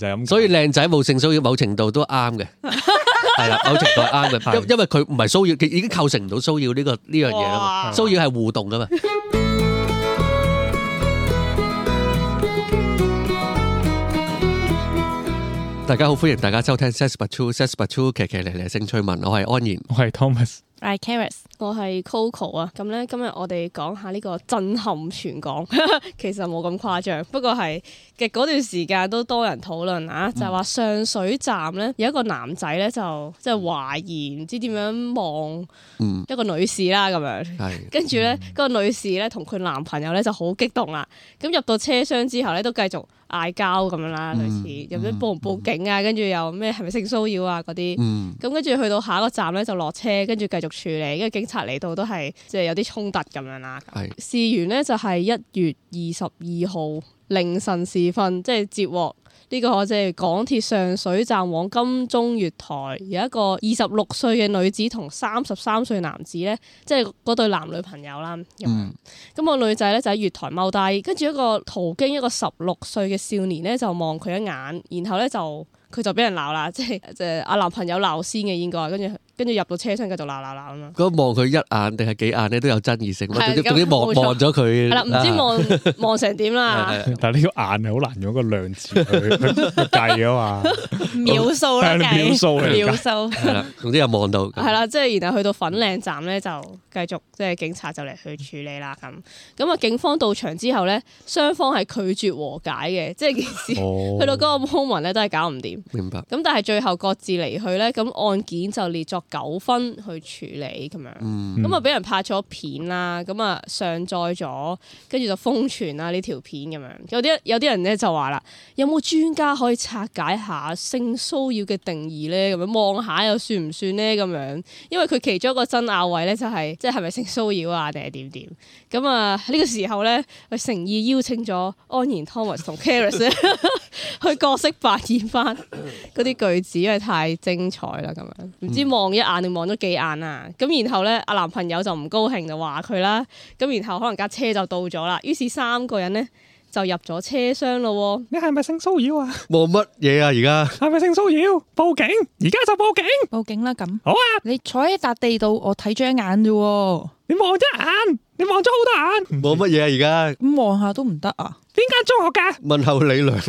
就咁，所以靚仔冇性騷擾，某程度都啱嘅，係啦，某程度啱嘅，因因為佢唔係騷擾，佢已經構成唔到騷擾呢個呢樣嘢啦。騷擾係互動㗎嘛。大家好，歡迎大家收聽 Sex But True，Sex But True，奇奇咧咧性趣問，我係安然，我係 Thomas。I'm Charis 我係 Coco 啊，咁咧今日我哋講下呢個震撼全港， 其實冇咁誇張，不過係嘅嗰段時間都多人討論啊，嗯、就話上水站咧有一個男仔咧就即係懷疑唔知點樣望一個女士啦咁、嗯、樣，的跟住咧嗰個女士咧同佢男朋友咧就好激動啦，咁入到車廂之後咧都繼續。嗌交咁樣啦，類似又唔知報唔報警啊？跟住又咩係咪性騷擾啊嗰啲？咁跟住去到下一個站咧就落車，跟住繼續處理。跟住警察嚟到都係即係有啲衝突咁樣啦。事緣咧就係一月二十二號凌晨時分，即係接獲。呢個我即係港鐵上水站往金鐘月台有一個二十六歲嘅女子同三十三歲男子咧，即係嗰對男女朋友啦。咁咁、嗯、個女仔咧就喺月台踎低，跟住一個途經一個十六歲嘅少年咧就望佢一眼，然後咧就。佢就俾人鬧啦，即係誒阿男朋友鬧先嘅應該，跟住跟住入到車廂繼續鬧鬧鬧咁嘛。望佢一眼定係幾眼咧，都有爭議性。係啊，冇錯。望望咗佢。係啦，唔知望望成點啦。但係呢個眼係好難用個量字去計嘅話。秒數秒數秒數。總之又望到。係啦，即係然後去到粉嶺站咧，就繼續即係警察就嚟去處理啦咁。咁啊，警方到場之後咧，雙方係拒絕和解嘅，即係件事去到嗰個 moment 咧都係搞唔掂。明白。咁但係最後各自離去咧，咁案件就列作糾紛去處理咁樣。咁啊、嗯，俾人拍咗片啦，咁啊上載咗，跟住就瘋傳啦呢條片咁樣。有啲有啲人咧就話啦，有冇專家可以拆解下性騷擾嘅定義咧？咁樣望下又算唔算咧？咁樣，因為佢其中一個爭拗位咧就係、是，即係咪性騷擾啊，定係點點？咁啊呢個時候咧，佢誠意邀請咗安然 Thomas 同 Charis 去角色扮演翻。嗰啲句子因為太精彩啦，咁樣唔知望一眼定望咗幾眼啊？咁然後咧，阿男朋友就唔高興就話佢啦。咁然後可能架車就到咗啦，於是三個人咧就入咗車廂咯。你係咪性騷擾啊？冇乜嘢啊？而家係咪性騷擾？報警！而家就報警！報警啦！咁好啊！你坐喺笪地度，我睇咗一眼啫。你望一眼。你望咗好多眼，冇乜嘢啊而家，家，咁望下都唔得啊？邊間中學噶？問候李亮啦，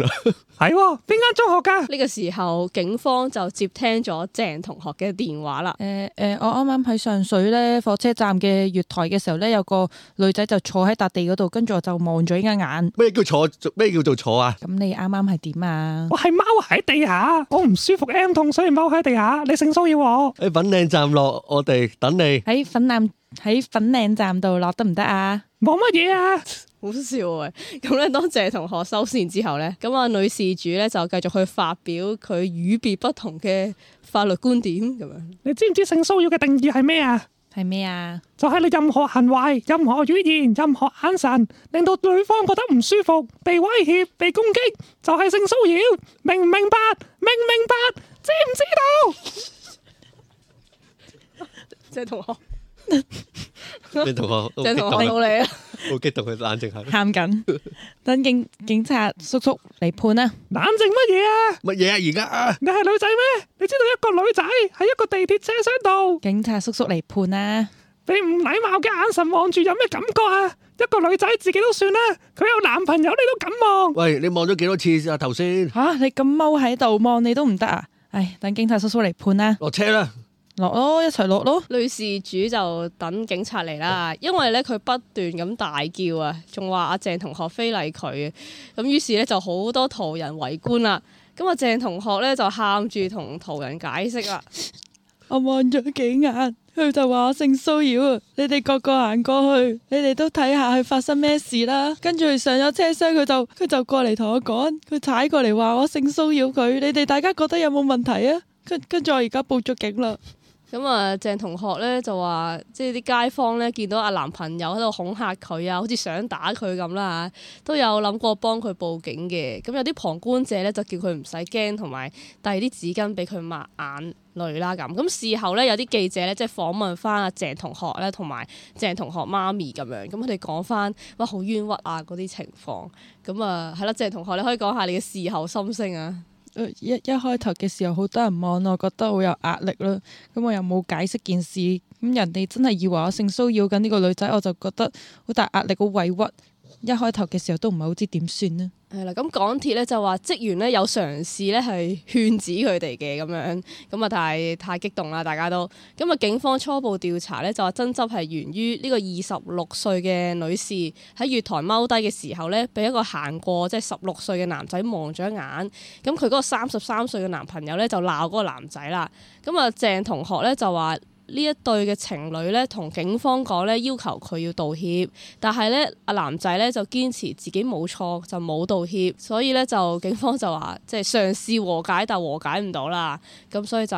係邊間中學噶？呢個時候警方就接聽咗鄭同學嘅電話啦。誒誒、呃呃，我啱啱喺上水咧火車站嘅月台嘅時候咧，有個女仔就坐喺笪地嗰度，跟住我就望咗呢一眼。咩叫坐？咩叫做坐啊？咁、嗯、你啱啱係點啊？我係踎喺地下，我唔舒服，M 痛，所以踎喺地下。你性騷擾我喺粉嶺站落，我哋等你喺粉嶺。喺粉嶺站度落得唔得啊？冇乜嘢啊？好笑啊！咁咧，當謝同學收線之後咧，咁阿女事主咧就繼續去發表佢與別不同嘅法律觀點，咁樣。你知唔知性騷擾嘅定義係咩啊？係咩啊？就係你任何行為、任何語言、任何眼神，令到對方覺得唔舒服、被威脅、被攻擊，就係性騷擾。明唔明白？明唔明白？知唔知道？謝同學。啲同學激到你啊！好激動，佢 冷靜下。喊 緊，等警警察叔叔嚟判啦！冷靜乜嘢啊？乜嘢啊？而家啊，你係女仔咩？你知道一個女仔喺一個地鐵車廂度，警察叔叔嚟判啦！你唔禮貌嘅眼神望住，有咩感覺啊？一個女仔自己都算啦，佢有男朋友，你都敢望？喂，你望咗幾多次啊？頭先吓，你咁踎喺度望你都唔得啊！唉，等警察叔叔嚟判啦，落車啦！落咯，一齊落咯。女事主就等警察嚟啦，因為咧佢不斷咁大叫啊，仲話阿鄭同學非禮佢咁，於是咧就好多途人圍觀啦。咁阿鄭同學咧就喊住同途人解釋啦。 我望咗幾眼，佢就話我性騷擾啊，你哋個個行過去，你哋都睇下佢發生咩事啦。跟住上咗車廂，佢就佢就過嚟同我講，佢踩過嚟話我性騷擾佢，你哋大家覺得有冇問題啊？跟跟住我而家報咗警啦。咁啊、嗯，鄭同學咧就話，即係啲街坊咧見到阿男朋友喺度恐嚇佢啊，好似想打佢咁啦，都有諗過幫佢報警嘅。咁、嗯、有啲旁觀者咧就叫佢唔使驚，同埋遞啲紙巾俾佢抹眼淚啦咁。咁、嗯、事後咧有啲記者咧即係訪問翻阿鄭同學咧同埋鄭同學媽咪咁樣，咁佢哋講翻哇好冤屈啊嗰啲情況。咁啊係啦，鄭同學你可以講下你嘅事後心聲啊。一一開頭嘅時候好多人望我，覺得好有壓力咯。咁我又冇解釋件事，咁人哋真係以為我性騷擾緊呢個女仔，我就覺得好大壓力、好委屈。一開頭嘅時候都唔係好知點算啊。係啦，咁港鐵咧就話職員咧有嘗試咧係勸止佢哋嘅咁樣，咁啊太太激動啦，大家都咁啊。警方初步調查咧就話爭執係源於呢個二十六歲嘅女士喺月台踎低嘅時候咧，俾一個行過即係十六歲嘅男仔望咗一眼，咁佢嗰個三十三歲嘅男朋友咧就鬧嗰個男仔啦，咁啊鄭同學咧就話。呢一對嘅情侶咧，同警方講咧，要求佢要道歉，但係咧，阿男仔咧就堅持自己冇錯，就冇道歉，所以咧就警方就話，即係嘗試和解，但和解唔到啦，咁所以就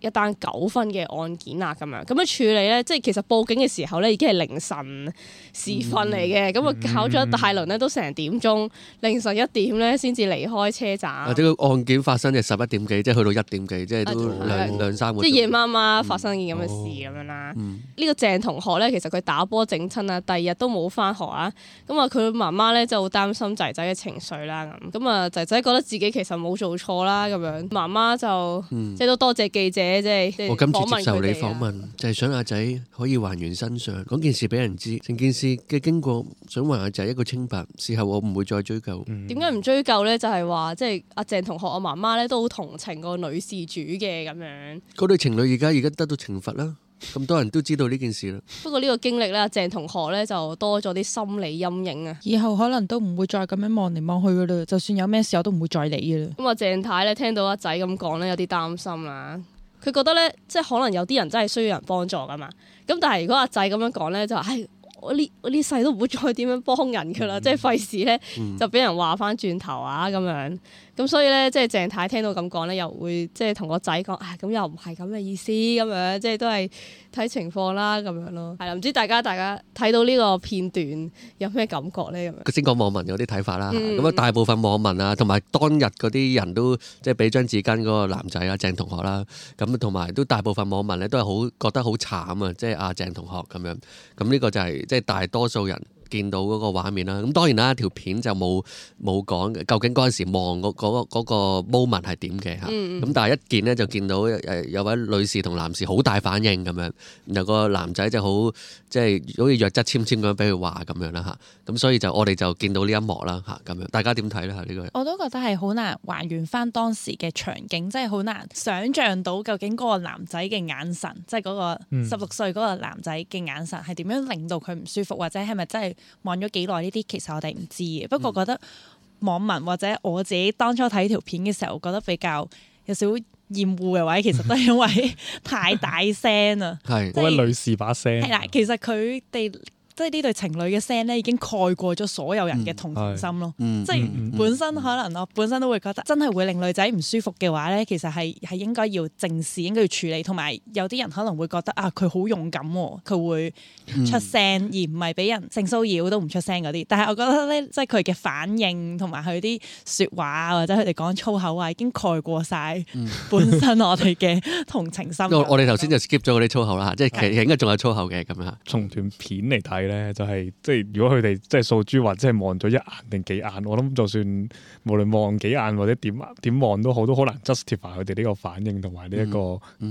一一單糾紛嘅案件啊，咁樣咁樣處理咧，即係其實報警嘅時候咧，已經係凌晨時分嚟嘅，咁啊、嗯、搞咗一大輪咧，都成點鐘，嗯、凌晨一點咧先至離開車站，或者個案件發生嘅十一點幾，即係去到一點幾，即係都兩兩三個，即係夜媽媽發生嘅咁。嗯事咁樣啦，呢、哦嗯、個鄭同學咧，其實佢打波整親啊，第二日都冇翻學啊，咁啊佢媽媽咧就好擔心仔仔嘅情緒啦，咁啊仔仔覺得自己其實冇做錯啦，咁樣媽媽就即係都多謝記者即係我今次接受訪你訪問，就係、是、想阿仔可以還原身上，講、嗯、件事俾人知，成件事嘅經過，想還阿仔一個清白，事後我唔會再追究。點解唔追究咧？就係話即係阿鄭同學，我媽媽咧都好同情個女事主嘅咁樣。嗰對情侶而家而家得到懲罰。啦，咁 多人都知道呢件事啦。 不過呢個經歷咧，鄭同學咧就多咗啲心理陰影啊。以後可能都唔會再咁樣望嚟望去噶啦。就算有咩事，我都唔會再理噶啦。咁啊，鄭太咧聽到阿仔咁講咧，有啲擔心啦。佢覺得咧，即係可能有啲人真係需要人幫助噶嘛。咁但係如果阿仔咁樣講咧，就話唉，我呢我呢世都唔會再點樣幫人噶啦，嗯、即係費事咧就俾人話翻轉頭啊咁、嗯、樣。咁所以咧，即係鄭太聽到咁講咧，又會即係同個仔講，唉，咁又唔係咁嘅意思，咁樣即係都係睇情況啦，咁樣咯，係啦，唔知大家大家睇到呢個片段有咩感覺咧？咁樣佢先講網民有啲睇法啦，咁啊、嗯，大部分網民啊，同埋當日嗰啲人都即係俾張紙巾嗰個男仔啊，鄭同學啦，咁同埋都大部分網民咧都係好覺得好慘啊，即係阿鄭同學咁樣，咁呢個就係即係大多數人。見到嗰個畫面啦，咁當然啦，條片就冇冇講究竟嗰陣時望嗰、嗰個 moment 係點嘅嚇，咁、那個嗯、但係一見咧就見到誒有位女士同男士好大反應咁樣，然後個男仔就、就是、好即係好似弱質纖纖咁樣俾佢話咁樣啦嚇，咁所以就我哋就見到呢一幕啦嚇，咁樣大家點睇咧呢個？我都覺得係好難還原翻當時嘅場景，即係好難想像到究竟嗰個男仔嘅眼神，即係嗰個十六歲嗰個男仔嘅眼神係點樣令到佢唔舒服，或者係咪真係？望咗幾耐呢啲，其實我哋唔知嘅。不過覺得、嗯、網民或者我自己當初睇條片嘅時候，覺得比較有少少厭惡嘅位，其實都係因為 太大聲啊。係嗰位女士把聲。係啦，其實佢哋。即係呢對情侶嘅聲咧，已經蓋過咗所有人嘅同情心咯。Mm hmm hmm、即係本身可能我本身都會覺得，真係會令女仔唔舒服嘅話咧，其實係係應該要正視，應該要處理。同埋有啲人可能會覺得啊，佢好勇敢，佢會出聲，而唔係俾人性騷擾都唔出聲嗰啲。但係我覺得咧，即係佢嘅反應同埋佢啲說話或者佢哋講粗口啊，已經蓋過晒本身我哋嘅同情心。 我哋頭先就 skip 咗嗰啲粗口啦，即係其實應該仲有粗口嘅咁樣。從段片嚟睇。咧就係、是、即係，如果佢哋即係掃珠或者係望咗一眼定幾眼，我諗就算無論望幾眼或者點點望都好，都好難 justify 佢哋呢個反應同埋呢一個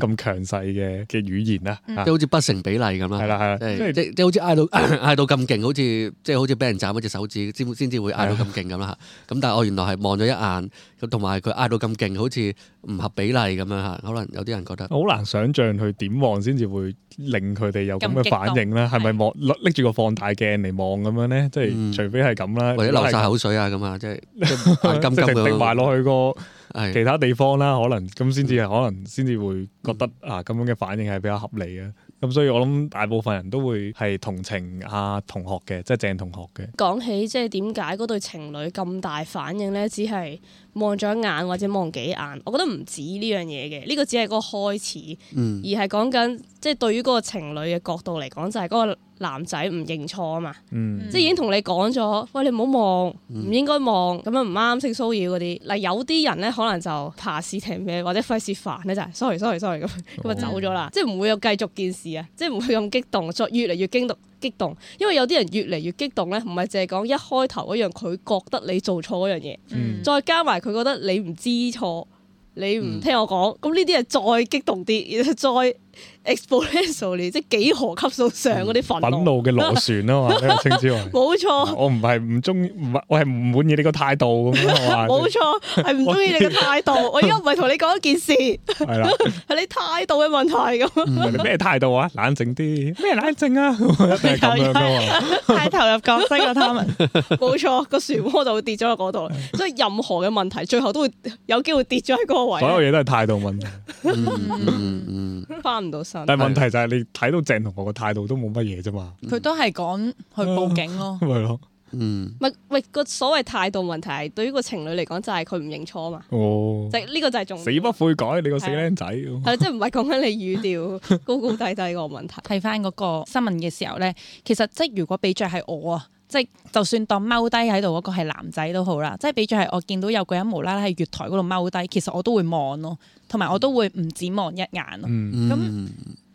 咁強勢嘅嘅語言啦，嗯嗯啊、即係好似不成比例咁啦。係啦係即係即好似嗌到嗌 到咁勁，好似即係好似俾人斬咗隻手指先至會嗌到咁勁咁啦。咁的但係我原來係望咗一眼，同埋佢嗌到咁勁，好似唔合比例咁樣嚇，可能有啲人覺得好難想像佢點望先至會令佢哋有咁嘅反應啦。係咪望拎呢個放大鏡嚟望咁樣咧，即係除非係咁啦，嗯、或者流晒口水啊咁啊，即係咁係，即係逼埋落去個其他地方啦，的可能咁先至，嗯、可能先至會覺得、嗯、啊咁樣嘅反應係比較合理嘅。咁所以我諗大部分人都會係同情阿同學嘅，即係鄭同學嘅。講起即係點解嗰對情侶咁大反應咧？只係望咗眼或者望幾眼，我覺得唔止呢樣嘢嘅。呢、這個只係嗰個開始，而係講緊。即係對於嗰個情侶嘅角度嚟講，就係、是、嗰個男仔唔認錯啊嘛，嗯、即係已經同你講咗，喂，你唔好望，唔應該望，咁、嗯、樣唔啱，性騷擾嗰啲。嗱有啲人咧，可能就怕事定咩，或者費事煩咧就係、是、sorry sorry sorry 咁、哦，咁就走咗啦。即係唔會有繼續件事啊，即係唔會咁激動，再越嚟越激動，因為有啲人越嚟越激動咧，唔係淨係講一開頭嗰樣佢覺得你做錯嗰樣嘢，嗯、再加埋佢覺得你唔知錯，你唔聽我講，咁呢啲係再激動啲，再。exponential 即幾何級數上嗰啲粉路嘅螺旋啊嘛，青之王，冇錯 錯。我唔係唔中，我係唔滿意你個態度咁冇錯，係唔中意你嘅態度。 度 我而家唔係同你講一件事，係 了 你態度嘅問題咁。咩 態、嗯、度啊？冷靜啲。咩冷靜啊？ 啊 太投入角色啊，Thomas，冇 錯， 那個漩渦就會跌咗喺嗰度。 所以任何嘅問題，最後都會有機會跌咗喺嗰個位。 所有嘢都係態度問題。 嗯嗯 但係問題就係你睇到鄭同學嘅態度都冇乜嘢啫嘛，佢、嗯、都係講去報警咯，係咯 了，嗯，咪喂、嗰個所謂態度問題，對於個情侶嚟講就係佢唔認錯嘛，哦，即係呢個就係重點，死不悔改你個死僆仔，係即係唔係講緊你語調高高低低個問題，睇翻嗰個新聞嘅時候咧，其實即係如果俾着係我啊。即係就算當踎低喺度嗰個係男仔都好啦，即係比住係我見到有個人無啦啦喺月台嗰度踎低，其實我都會望咯，同埋我都會唔止望一眼咯，咁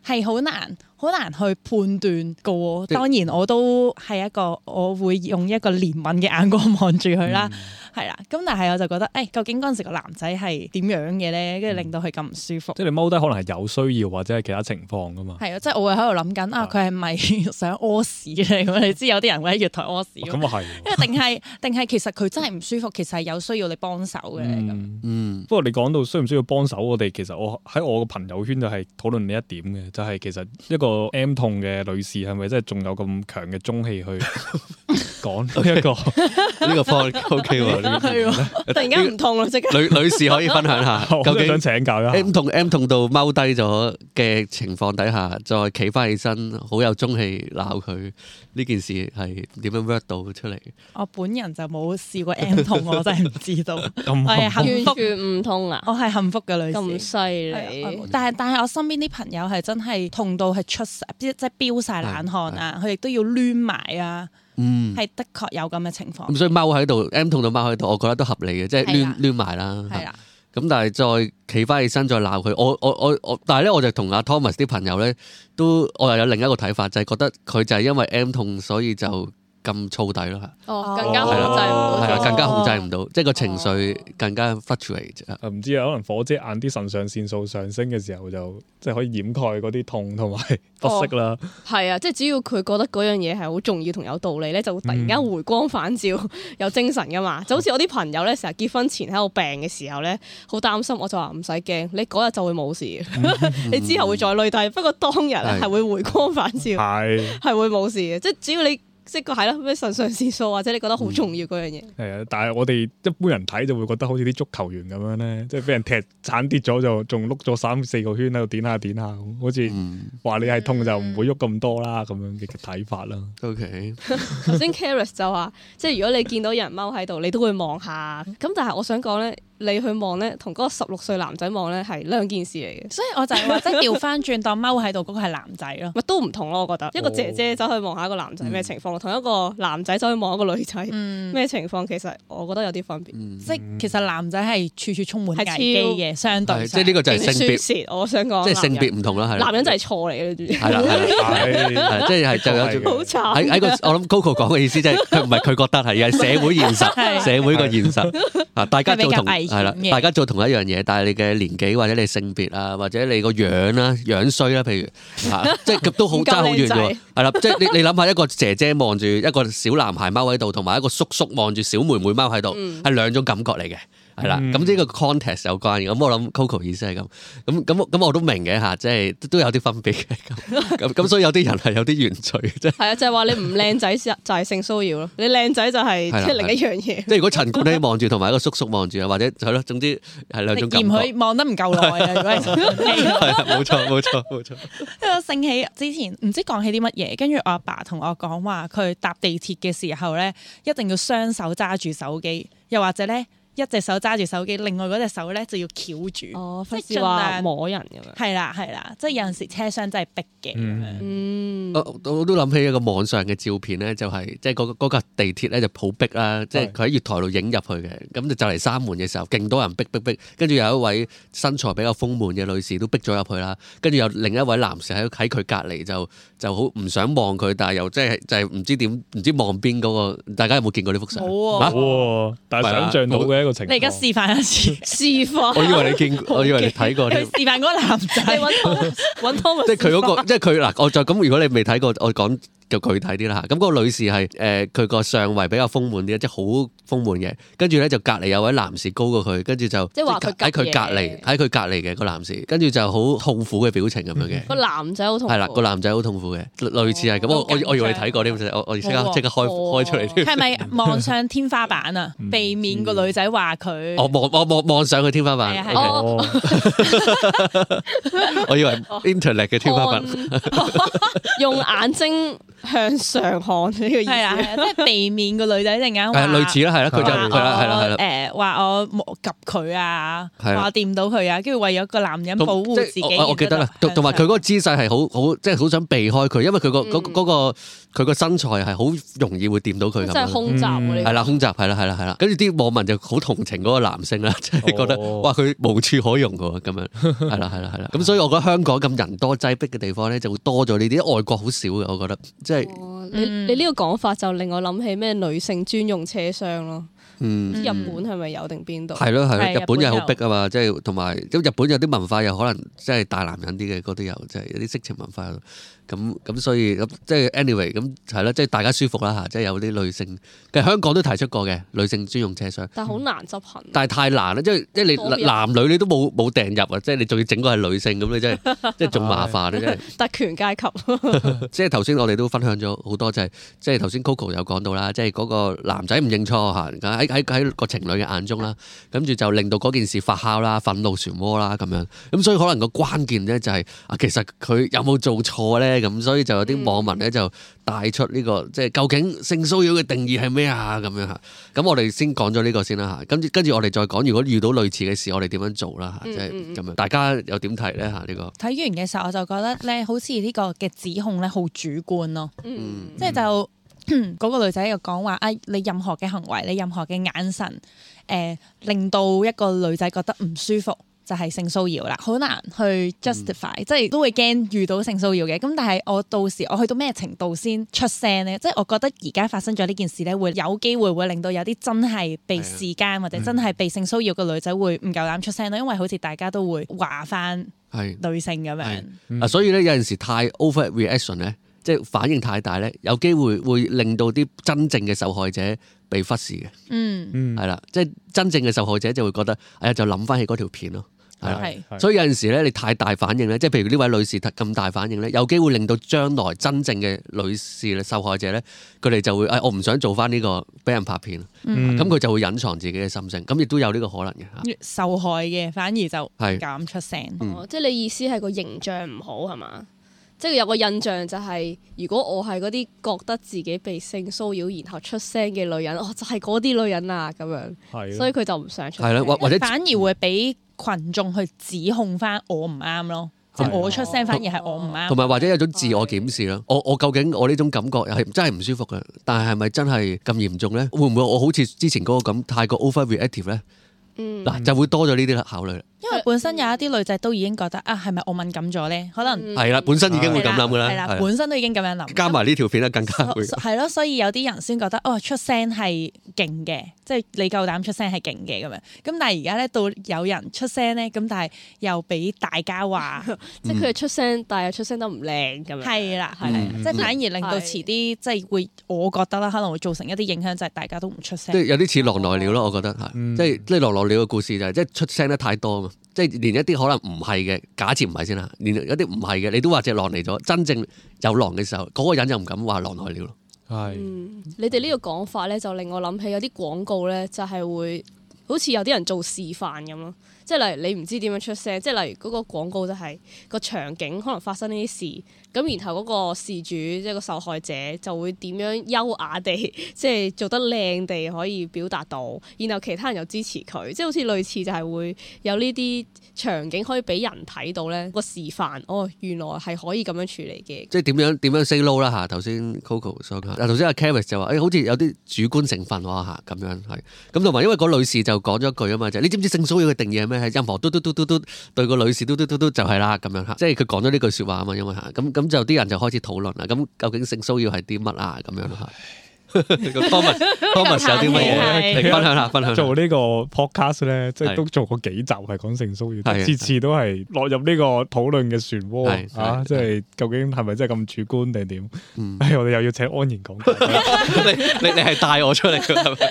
係好難。好難去判斷噶，當然我都係一個我會用一個憐憫嘅眼光望住佢啦，係啦、嗯。咁但係我就覺得，誒、欸，究竟嗰陣時個男仔係點樣嘅咧？跟住令到佢咁唔舒服。嗯、即係你踎低可能係有需要或者係其他情況噶嘛？係啊，即係我會喺度諗緊啊，佢係咪想屙屎嘅？咁你知有啲人會喺月台屙屎咁啊，係、哦。因為定係定係其實佢真係唔舒服，其實係有需要你幫手嘅。嗯，樣嗯不過你講到需唔需要幫手，我哋其實我喺我嘅朋友圈就係討論呢一點嘅，就係、是、其實一個。個 M 痛嘅女士係咪真係仲有咁強嘅中氣去講一、這個呢、okay, 個方？O K，係突然間唔痛咯，即女女士可以分享下， 好像 究竟想請教啦。M 痛 M 痛到踎低咗嘅情況底下，再企翻起身，好有中氣鬧佢呢件事係點樣 work 到出嚟？我本人就冇試過 M 痛，喎,我真係唔知道，係係唔痛啊！ 我係幸福嘅女士，咁犀利。但係但係我身邊啲朋友係真係痛到係。即係飆晒冷汗啊！佢亦都要攣埋啊，係、嗯、的確有咁嘅情況、嗯。咁所以踎喺度，M 痛到踎喺度，我覺得都合理嘅，即係攣攣埋啦。係啦。咁但係再企翻起身再鬧佢，我我我我，但係咧我就同阿 Thomas 啲朋友咧都我又有另一個睇法，就係、是、覺得佢就係因為 M 痛所以就。咁燥底咯，係哦，更加控制，係啊，更加控制唔到，即係個情緒更加 fluctuate。唔知啊，可能火遮眼啲腎上腺素上升嘅時候，就即係可以掩蓋嗰啲痛同埋不適啦。係啊，即係只要佢覺得嗰樣嘢係好重要同有道理咧，就會突然間回光返照，有精神噶嘛。就好似我啲朋友咧，成日結婚前喺度病嘅時候咧，好擔心。我就話唔使驚，你嗰日就會冇事，你之後會再累低。不過當日係會回光返照，係係會冇事嘅。即係只要你。即個係咯，咩腎上腺素或者你覺得好重要嗰樣嘢？係啊、嗯，但係我哋一般人睇就會覺得好似啲足球員咁樣咧，即係俾人踢鏟跌咗就仲碌咗三四個圈喺度點下點下，好似話你係痛就唔會喐咁多啦咁、嗯、樣嘅睇法啦。OK，頭先 Charis 就話， 即係如果你見到有人踎喺度，你都會望下。咁但係我想講咧。你去望咧，同嗰十六歲男仔望咧係兩件事嚟嘅，所以我就係話即係調翻轉，當踎喺度嗰個係男仔咯，咪都唔同咯，我覺得一個姐姐走去望下一個男仔咩情況，同一個男仔走去望一個女仔咩情況，其實我覺得有啲分別，即係其實男仔係處處充滿危機嘅，相對即係呢個就係性別，我想講即係性別唔同啦，男人就係錯嚟嘅，係啦，即係就有好慘喺個我諗 Coco 講嘅意思，即係佢唔係佢覺得係，係社會現實，社會嘅現實大家做同係啦，大家做同一樣嘢，但係你嘅年紀或者你性別啊，或者你個樣啦、樣衰啦，譬如，即係都好差好遠嘅，係啦，即係 麼英你你諗下，一個姐姐望住一個小男孩踎喺度，同埋一個叔叔望住小妹妹踎喺度，係兩、嗯、種感覺嚟嘅。係啦，咁呢、嗯嗯、個 context 有關嘅，咁我諗 Coco 意思係咁，咁咁咁我都明嘅嚇，即係都有啲分別嘅，咁咁 所以有啲人係有啲原罪嘅，即係啊，就係話你唔靚仔就係性騷擾咯，你靚仔就係出、啊、另一樣嘢。即係如果陳冠希望住同埋一個叔叔望住啊，或者係咯，總之係兩種。嫌佢望得唔夠耐啊！係 啊，冇錯冇錯冇錯。因為性起之前唔知講起啲乜嘢，爸爸跟住我阿爸同我講話，佢搭地鐵嘅時候咧，一定要雙手揸住手機，又或者咧。一隻手揸住手機，另外嗰隻手咧就要翹住，哦、即係話摸人咁樣。係啦，係啦，即係有陣時車廂真係逼嘅、嗯嗯、我，我都諗起一個網上嘅照片咧、就是，就係即係嗰個地鐵咧就好逼啦，即係佢喺月台度影入去嘅，咁的就就嚟閂門嘅時候，勁多人逼逼逼，跟住有一位身材比較豐滿嘅女士都逼咗入去啦，跟住有另一位男士喺喺佢隔離就就好唔想望佢，但係又即係就係、是、唔知點唔知望邊嗰、那個，大家有冇見過呢幅相？好啊，啊但係想像到嘅。你而家示範一次， 示範。 我以為你見， 怕我以為你睇過。 你示範嗰 個男仔，揾湯， 即係佢嗰個，即係佢嗱。我再咁，如果你未睇過，我講。就佢睇啲啦嚇，咁嗰個女士係誒佢個上圍比較豐滿啲，即係好豐滿嘅。跟住咧就隔離有位男士高過佢，跟住就即喺佢隔離喺佢隔離嘅個男士，跟住就好痛苦嘅表情咁樣嘅。嗯，個男仔好痛苦係啦，個男仔好痛苦嘅，哦、類似係咁。我我我以為你睇過啲，唔我即刻即刻開開出嚟。係咪望上天花板啊？避免個女仔話佢。我望望望望上佢天花板。我以為 Internet 嘅天花板。用眼睛。向上看呢個意思，係啊，即係避免個女仔突然間話，係類似啦，係啦，佢就話我誒話我及佢啊，話掂到佢啊，跟住為咗個男人保護自己。我記得啦，同埋佢嗰個姿勢係好好，即係好想避開佢，因為佢個嗰佢個身材係好容易會掂到佢咁。真係空襲啊！係啦，空襲係啦，係啦，係啦，跟住啲網民就好同情嗰個男性啦，即係覺得哇佢無處可容喎咁樣，係啦，係啦，係啦。咁所以我覺得香港咁人多擠逼嘅地方咧，就會多咗呢啲，外國好少嘅，我覺得。即係，你你呢個講法就令我諗起咩女性專用車廂咯？嗯，日本係咪有定邊度？係咯係咯，日本又好逼啊嘛！即係同埋，咁日本有啲文化又可能即係大男人啲嘅，嗰啲有即係有啲色情文化。咁咁所以咁即係 anyway 咁係啦，即係大家舒服啦嚇，即係有啲女性，其實香港都提出過嘅女性專用車廂，但係好難執行。但係太難啦，嗯、即係即係你男女有你都冇冇掟入啊，即係你仲要整個係女性咁，你真係即係仲麻煩啦， 真係的。 特權階級。 即係頭先我哋都分享咗好多，就係即係頭先 Coco 有講到啦，即係嗰個男仔唔認錯嚇，喺喺喺個情侶嘅眼中啦，跟住就令到嗰件事發酵啦、憤怒漩渦啦咁樣。咁所以可能個關鍵咧就係、是、啊，其實佢有冇做錯咧？咁所以就有啲網民咧就帶出呢個，即係究竟性騷擾嘅定義係咩啊？咁樣吓，咁我哋先講咗呢個先啦吓，跟住跟住我哋再講，如果遇到類似嘅事，我哋點樣做啦吓，即係咁樣，大家又點睇咧吓？呢個睇完嘅時候，我就覺得咧，好似呢個嘅指控咧好主觀咯，嗯、即係就嗰、嗯 嗰個女仔又講話啊，你任何嘅行為，你任何嘅眼神，誒、呃，令到一個女仔覺得唔舒服。就係性騷擾啦，好難去 justify，嗯、即係都會驚遇到性騷擾嘅。咁但係我到時我去到咩程度先出聲呢？即係我覺得而家發生咗呢件事咧，會有機會會令到有啲真係被視奸或者真係被性騷擾嘅女仔會唔夠膽出聲咯。嗯、因為好似大家都會話翻係女性咁樣，所以咧有陣時太 overreaction 咧，即係反應太大咧，有機會會令到啲真正嘅受害者被忽視嘅。嗯係啦、嗯，即係真正嘅受害者就會覺得，哎呀，就諗翻起嗰條片咯。係所以有陣時咧，你太大反應咧，即係譬如呢位女士咁大反應咧，有機會令到將來真正嘅女士受害者咧，佢哋就會誒、哎，我唔想做翻呢個俾人拍片，咁佢、嗯、就會隱藏自己嘅心聲，咁亦都有呢個可能嘅。受害嘅反而就係唔敢出聲，嗯哦、即係你意思係個形象唔好係嘛？嗯、即係有個印象就係、是，如果我係嗰啲覺得自己被性騷擾然後出聲嘅女人，哦，就係嗰啲女人啊，咁樣，是的 所以佢就唔想出聲，反而會俾。群眾去指控翻我唔啱咯，的即係我出聲反而係我唔啱，同埋或者有種自我檢視咯。的我我究竟我呢種感覺又係真係唔舒服嘅，但係係咪真係咁嚴重咧？會唔會我好似之前嗰個咁太過 overreactive 咧？嗱，就會多咗呢啲考慮。因為本身有一啲女仔都已經覺得啊，係咪我敏感咗咧？可能係啦，本身已經會咁諗噶啦。係啦，本身都已經咁樣諗。加埋呢條片咧，更加會。係咯，所以有啲人先覺得哦，出聲係勁嘅，即係你夠膽出聲係勁嘅咁樣。咁但係而家咧，到有人出聲咧，咁但係又俾大家話，即係佢出聲，但係出聲都唔靚咁樣。係啦，係即係反而令到遲啲，即係會，我覺得啦，可能會造成一啲影響，就係大家都唔出聲。即係有啲似狼來了咯，我覺得即係即係你個故事就係即係出聲得太多啊嘛！即係連一啲可能唔係嘅，假設唔係先啦。連有啲唔係嘅，你都話隻狼嚟咗。真正有狼嘅時候，嗰個人就唔敢話狼來了咯。係，嗯，你哋呢個講法咧，就令我諗起有啲廣告咧，就係會好似有啲人做示範咁咯。即係例如你唔知點樣出聲，即係例如嗰個廣告就係個場景可能發生呢啲事。咁然後嗰個事主即係個受害者就會點樣優雅地即係做得靚地可以表達到，然後其他人又支持佢，即係好似類似就係會有呢啲場景可以俾人睇到咧，個示範哦，原來係可以咁樣處理嘅。即係點樣點樣 say no 啦，吓頭先 Coco 所講，頭先阿 Karis 就話誒，好似有啲主觀成分喎，嚇，咁樣係咁，同埋因為嗰女士就講咗一句啊嘛，就係你知唔知性騷擾嘅定義係咩？係任何嘟嘟嘟嘟嘟對個女士嘟嘟嘟嘟，就係啦咁樣嚇。即係佢講咗呢句說話啊嘛，因為吓咁咁。就啲人就開始討論啦，咁究竟性騷擾係啲乜啊？咁樣啦。你個 Thomas 有啲乜嘢？分享下，分享做呢個 podcast 咧，即係都做過幾集，係講性騷擾，次次都係落入呢個討論嘅漩渦啊！即係究竟係咪真係咁主觀定點？嗯，哎，我哋又要請安然講。你你你係帶我出嚟嘅係咪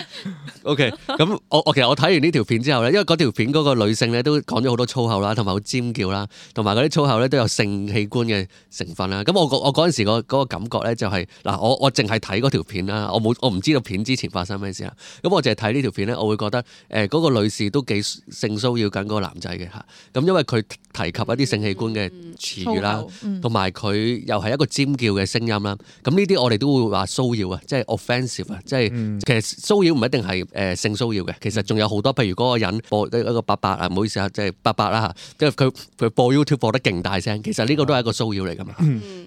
？OK，咁我我其實我睇完呢條片之後咧，因為嗰條片嗰個女性咧都講咗好多粗口啦，同埋好尖叫啦，同埋嗰啲粗口咧都有性器官嘅成分啦。咁我我嗰陣時個感覺咧就係嗱，我我淨係睇嗰條片啦。我冇，我唔知道片之前發生咩事啊。咁我淨係睇呢條片咧，我會覺得誒嗰、呃嗰個女士都幾性騷擾緊嗰個男仔嘅嚇。咁因為佢提及一啲性器官嘅詞語啦，同埋佢又係一個尖叫嘅聲音啦。咁呢啲我哋都會話騷擾啊，即係 offensive 啊，即係、嗯、其實騷擾唔一定係誒性騷擾嘅，其實仲有好多，譬如嗰個人播一個八八啊，唔好意思啊、就是，即係八八啦嚇。因為佢佢播 YouTube 播得勁大聲，其實呢個都係一個騷擾嚟噶嘛。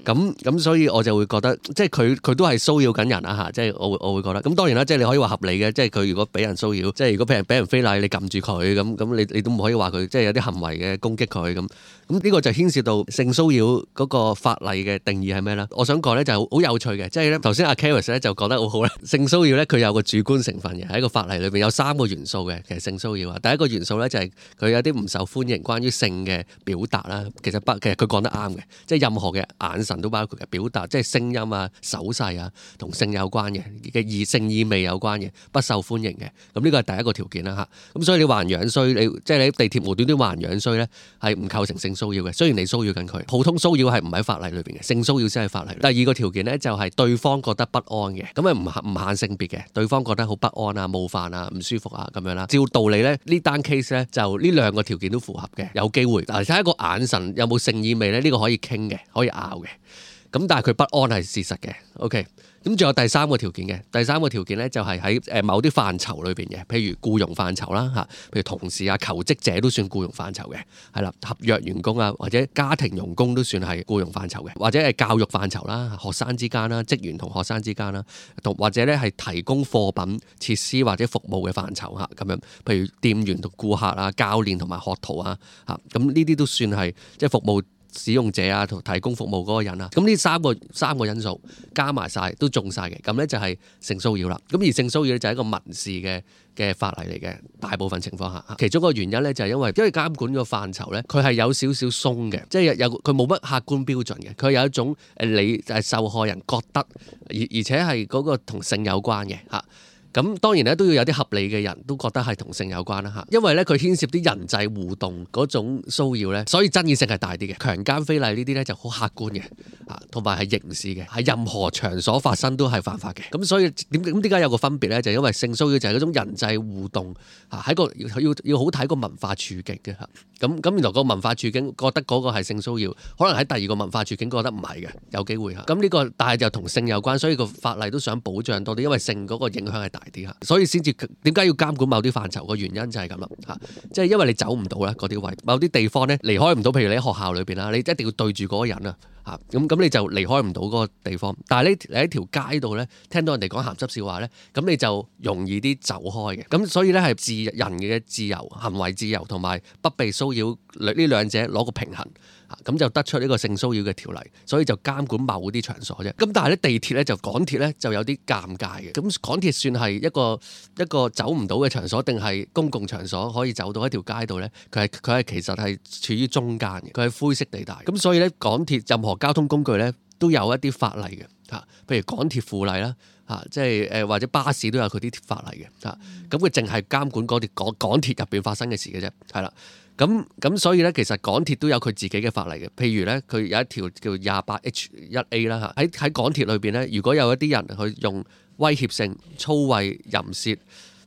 咁咁所以我就會覺得，即係佢佢都係騷擾緊人啊嚇，即係。即我會我會覺得咁，當然啦，即係你可以話合理嘅，即係佢如果俾人騷擾，即係如果俾人俾人非禮，你撳住佢咁，咁你你都唔可以話佢即係有啲行為嘅攻擊佢咁。咁呢個就牽涉到性騷擾嗰個法例嘅定義係咩啦？我想講呢就好有趣嘅，即係呢頭先阿 Charis 呢就講得好好呢。性騷擾呢，佢有個主觀成分嘅，喺個法例裏邊有三個元素嘅，其實性騷擾啊，第一個元素呢，就係佢有啲唔受歡迎關於性嘅表達啦。其實其實佢講得啱嘅，即係任何嘅眼神都包括嘅表達，即係聲音啊、手勢啊，同性有關嘅嘅異性意味有關嘅不受歡迎嘅。咁、這、呢個係第一個條件啦吓，咁所以你話人樣衰，你即係你地鐵無端端話人樣衰呢，係唔構成性騷擾嘅，雖然你騷擾緊佢，普通騷擾係唔喺法例裏邊嘅，性騷擾先係法例。第二個條件呢，就係、是、對方覺得不安嘅，咁啊唔限唔限性別嘅，對方覺得好不安啊、冒犯啊、唔舒服啊咁樣啦。照道理呢，呢單 case 呢，就呢兩個條件都符合嘅，有機會。但係睇一個眼神有冇性意味呢？呢、呢個可以傾嘅，可以拗嘅。咁但係佢不安係事實嘅。OK。咁仲有第三個條件嘅，第三個條件呢，就係喺誒某啲範疇裏邊嘅，譬如僱傭範疇啦嚇，譬如同事啊、求職者都算僱傭範疇嘅，係啦，合約員工啊或者家庭傭工都算係僱傭範疇嘅，或者係教育範疇啦，學生之間啦、職員同學生之間啦，同或者咧係提供貨品、設施或者服務嘅範疇嚇，咁樣譬如店員同顧客啊、教練同埋學徒啊嚇，咁呢啲都算係即係服務使用者啊同提供服務嗰個人啊，咁呢三個三個因素加埋晒都中晒嘅，咁呢就係性騷擾啦。咁而性騷擾咧就係一個民事嘅嘅法例嚟嘅，大部分情況下，其中一個原因呢，就係因為因為監管個範疇呢，佢係有少少鬆嘅，即係有佢冇乜客觀標準嘅，佢有一種誒你誒受害人覺得而而且係嗰個同性有關嘅嚇。咁當然咧都要有啲合理嘅人都覺得係同性有關啦嚇，因為咧佢牽涉啲人際互動嗰種騷擾咧，所以爭議性係大啲嘅。強姦、非禮呢啲咧就好客觀嘅，啊，同埋係刑事嘅，係任何場所發生都係犯法嘅。咁所以點點解有個分別咧？就係因為性騷擾就係嗰種人際互動，啊，喺個要要好睇個文化處境嘅嚇。咁咁原來個文化處境覺得嗰個係性騷擾，可能喺第二個文化處境覺得唔係嘅，有機會嚇。咁呢個但係就同性有關，所以個法例都想保障多啲，因為性嗰個影響係大。啲所以先至點解要監管某啲範疇嘅原因就係咁咯嚇，即係因為你走唔到咧嗰啲位，某啲地方咧離開唔到，譬如你喺學校裏邊啦，你一定要對住嗰個人啊嚇，咁咁你就離開唔到嗰個地方。但係呢你喺條街度呢，聽到人哋講鹹濕笑話呢，咁你就容易啲走開嘅。咁所以呢，係人嘅自由行為自由同埋不被騷擾呢兩者攞個平衡。咁就得出呢個性騷擾嘅條例，所以就監管某啲場所啫。咁但係呢地鐵呢，就港鐵呢就有啲尷尬嘅。咁港鐵算係一個一個走唔到嘅場所，定係公共場所可以走到一條街度呢，佢係佢係其實係處於中間嘅，佢係灰色地帶。咁所以呢，港鐵任何交通工具呢都有一啲法例嘅嚇，譬如港鐵附例啦嚇，即係誒或者巴士都有佢啲法例嘅嚇。咁佢淨係監管嗰港鐵港，港鐵入邊發生嘅事嘅啫，係啦。咁咁所以咧，其實港鐵都有佢自己嘅法例嘅。譬如咧，佢有一條叫廿八 H 一 A 啦嚇。喺喺港鐵裏邊咧，如果有一啲人佢用威脅性粗穢、淫褻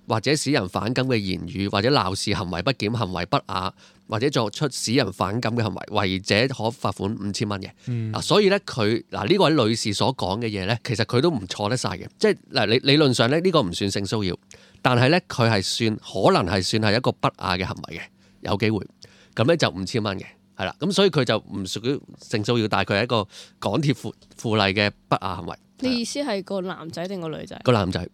或者使人反感嘅言語，或者鬧事行為不檢、行為不雅，或者作出使人反感嘅行為，違者可罰款五千蚊嘅。嗱、嗯啊，所以咧，佢嗱呢位女士所講嘅嘢咧，其實佢都唔錯得晒嘅。即係嗱，理理論上咧，呢個唔算性騷擾，但係咧，佢係算可能係算係一個不雅嘅行為嘅。有機會，咁咧就五千蚊嘅，係啦，咁所以佢就唔屬於性騷擾，但佢係一個港鐵附附例嘅不雅行為。你意思係個男仔定個女仔？個男仔。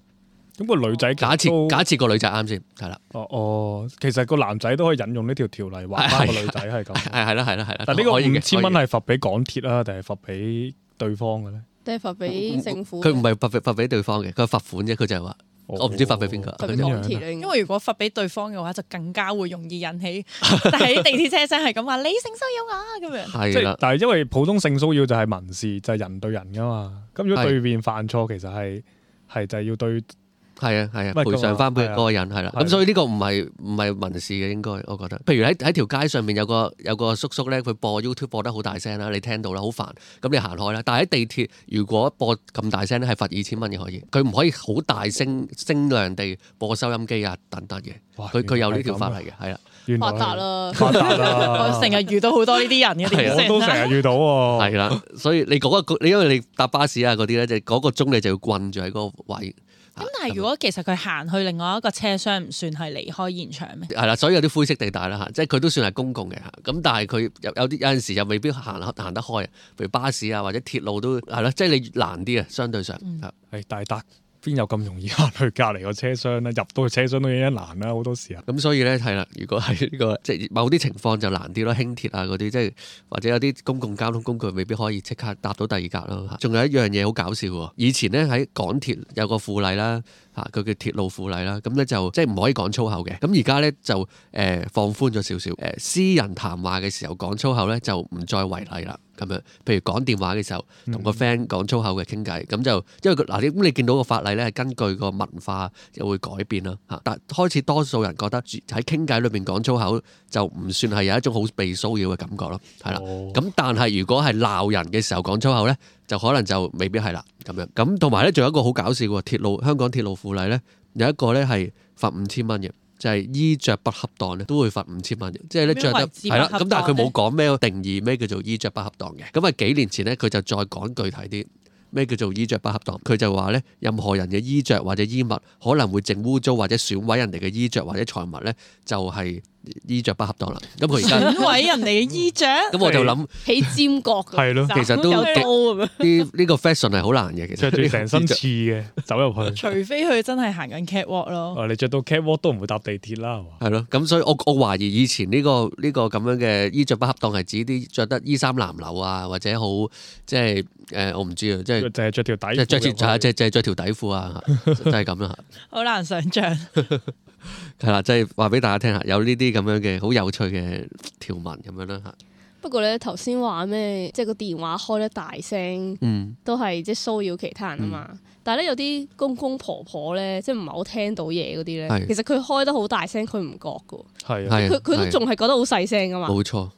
咁個女仔、哦、假設、哦、假設個女仔啱先，係啦。哦哦，其實個男仔都可以引用呢條條例話返個女仔係咁，係係啦係啦係啦。但呢個五千蚊係罰俾港鐵啦，定係罰俾對方嘅咧？定係罰俾政府？佢唔係罰罰俾對方嘅，佢係罰款啫。佢就係話。我唔知發俾邊個，因為如果發俾對方嘅話，就更加會容易引起喺 地鐵車廂係咁話，你性騷擾啊咁樣。係了、就是、但係因為普通性騷擾就係民事，就係、是、人對人㗎嘛。咁如果對面犯錯，是其實係係就係要對。係啊，係啊，賠償翻俾嗰個人係啦。咁的所以呢個唔係唔係民事嘅，應該我覺得。譬如喺喺條街上面有個有個叔叔咧，佢播 YouTube 播得好大聲啦，你聽到啦，好煩。咁你行開啦。但係喺地鐵，如果播咁大聲咧，係罰二千蚊嘅可以。佢唔可以好大聲聲量地播收音機啊等等嘅。佢佢有呢條法例嘅，係啦。發達啦！發達啦！我成日 遇到好多呢啲人嘅啲聲我都成日遇到。係啦，所以你講一你因為你搭巴士啊嗰啲咧，即係嗰個鐘你就要困住喺嗰個位。咁但係如果其實佢行去另外一個車廂唔算係離開現場咩？係啦，所以有啲灰色地帶啦嚇，即係佢都算係公共嘅嚇。咁但係佢有有啲有陣時又未必行行得開，譬如巴士啊或者鐵路都係咯，即係你難啲啊，相對上係、嗯、是大德。邊有咁容易去隔籬個車廂咧？入到個車廂都已經難啦，啊，好多時候。咁所以呢，係啦，如果係呢，呢個即係某啲情況就難啲咯，輕鐵啊嗰啲，即係或者有啲公共交通工具未必可以即刻搭到第二格咯。仲有一樣嘢好搞笑喎，以前呢喺港鐵有個附例啦。啊，佢嘅鐵路附例啦，咁咧就即係唔可以講粗口嘅。咁而家咧就誒放寬咗少少，誒私人談話嘅時候講粗口咧就唔再違例啦。咁樣，譬如講電話嘅時候同個 friend 講粗口嘅傾偈，咁、嗯、就因為嗱你咁你見到個法例咧係根據個文化又會改變啦嚇。但係開始多數人覺得喺傾偈裏邊講粗口就唔算係有一種好被騷擾嘅感覺咯，係啦。咁、哦、但係如果係鬧人嘅時候講粗口咧？就可能就未必係啦，咁樣，咁同埋咧，仲有，有一個好搞笑喎。鐵路香港鐵路附例咧，有一個咧係罰五千蚊嘅，就係衣着不恰當咧都會罰五千蚊嘅。即係咧着得係啦，咁但係佢冇講咩定義咩叫做衣着不恰當嘅。咁啊幾年前咧佢就再講具體啲咩叫做衣着不恰當，佢就話咧任何人嘅衣着或者衣物可能會淨污糟或者損毀人哋嘅衣着或者財物咧，就係。衣着不恰當啦，咁佢而家詆毀人哋嘅衣着，咁 我就諗的起尖角，係咯，其實都高咁樣。呢呢個 fashion 係好難嘅，其實要成身刺嘅走入去，除非佢真係行緊 catwalk 咯。哦、你着到 catwalk 都唔會搭地鐵啦，係嘛？ 係咯，咁所以我我懷疑以前呢、呢個呢、呢個咁樣嘅衣着不恰當係指啲着得衣衫襤褸啊，或者好即係誒，我唔知啊，即係就係、係、著條底褲，著條就係就條底褲啊，真係咁啦，好 難想像。係啦，即係話俾大家聽下，有呢啲。咁樣嘅好有趣嘅條文咁樣啦吓。不過咧，頭先話咩，即係個電話開得大聲，嗯，都係即係騷擾其他人啊嘛。嗯、但係咧，有啲公公婆婆咧，即係唔係好聽到嘢嗰啲咧。的其實佢開得好大聲，佢唔覺噶。係係，佢佢都仲係覺得好細聲噶嘛。冇錯的。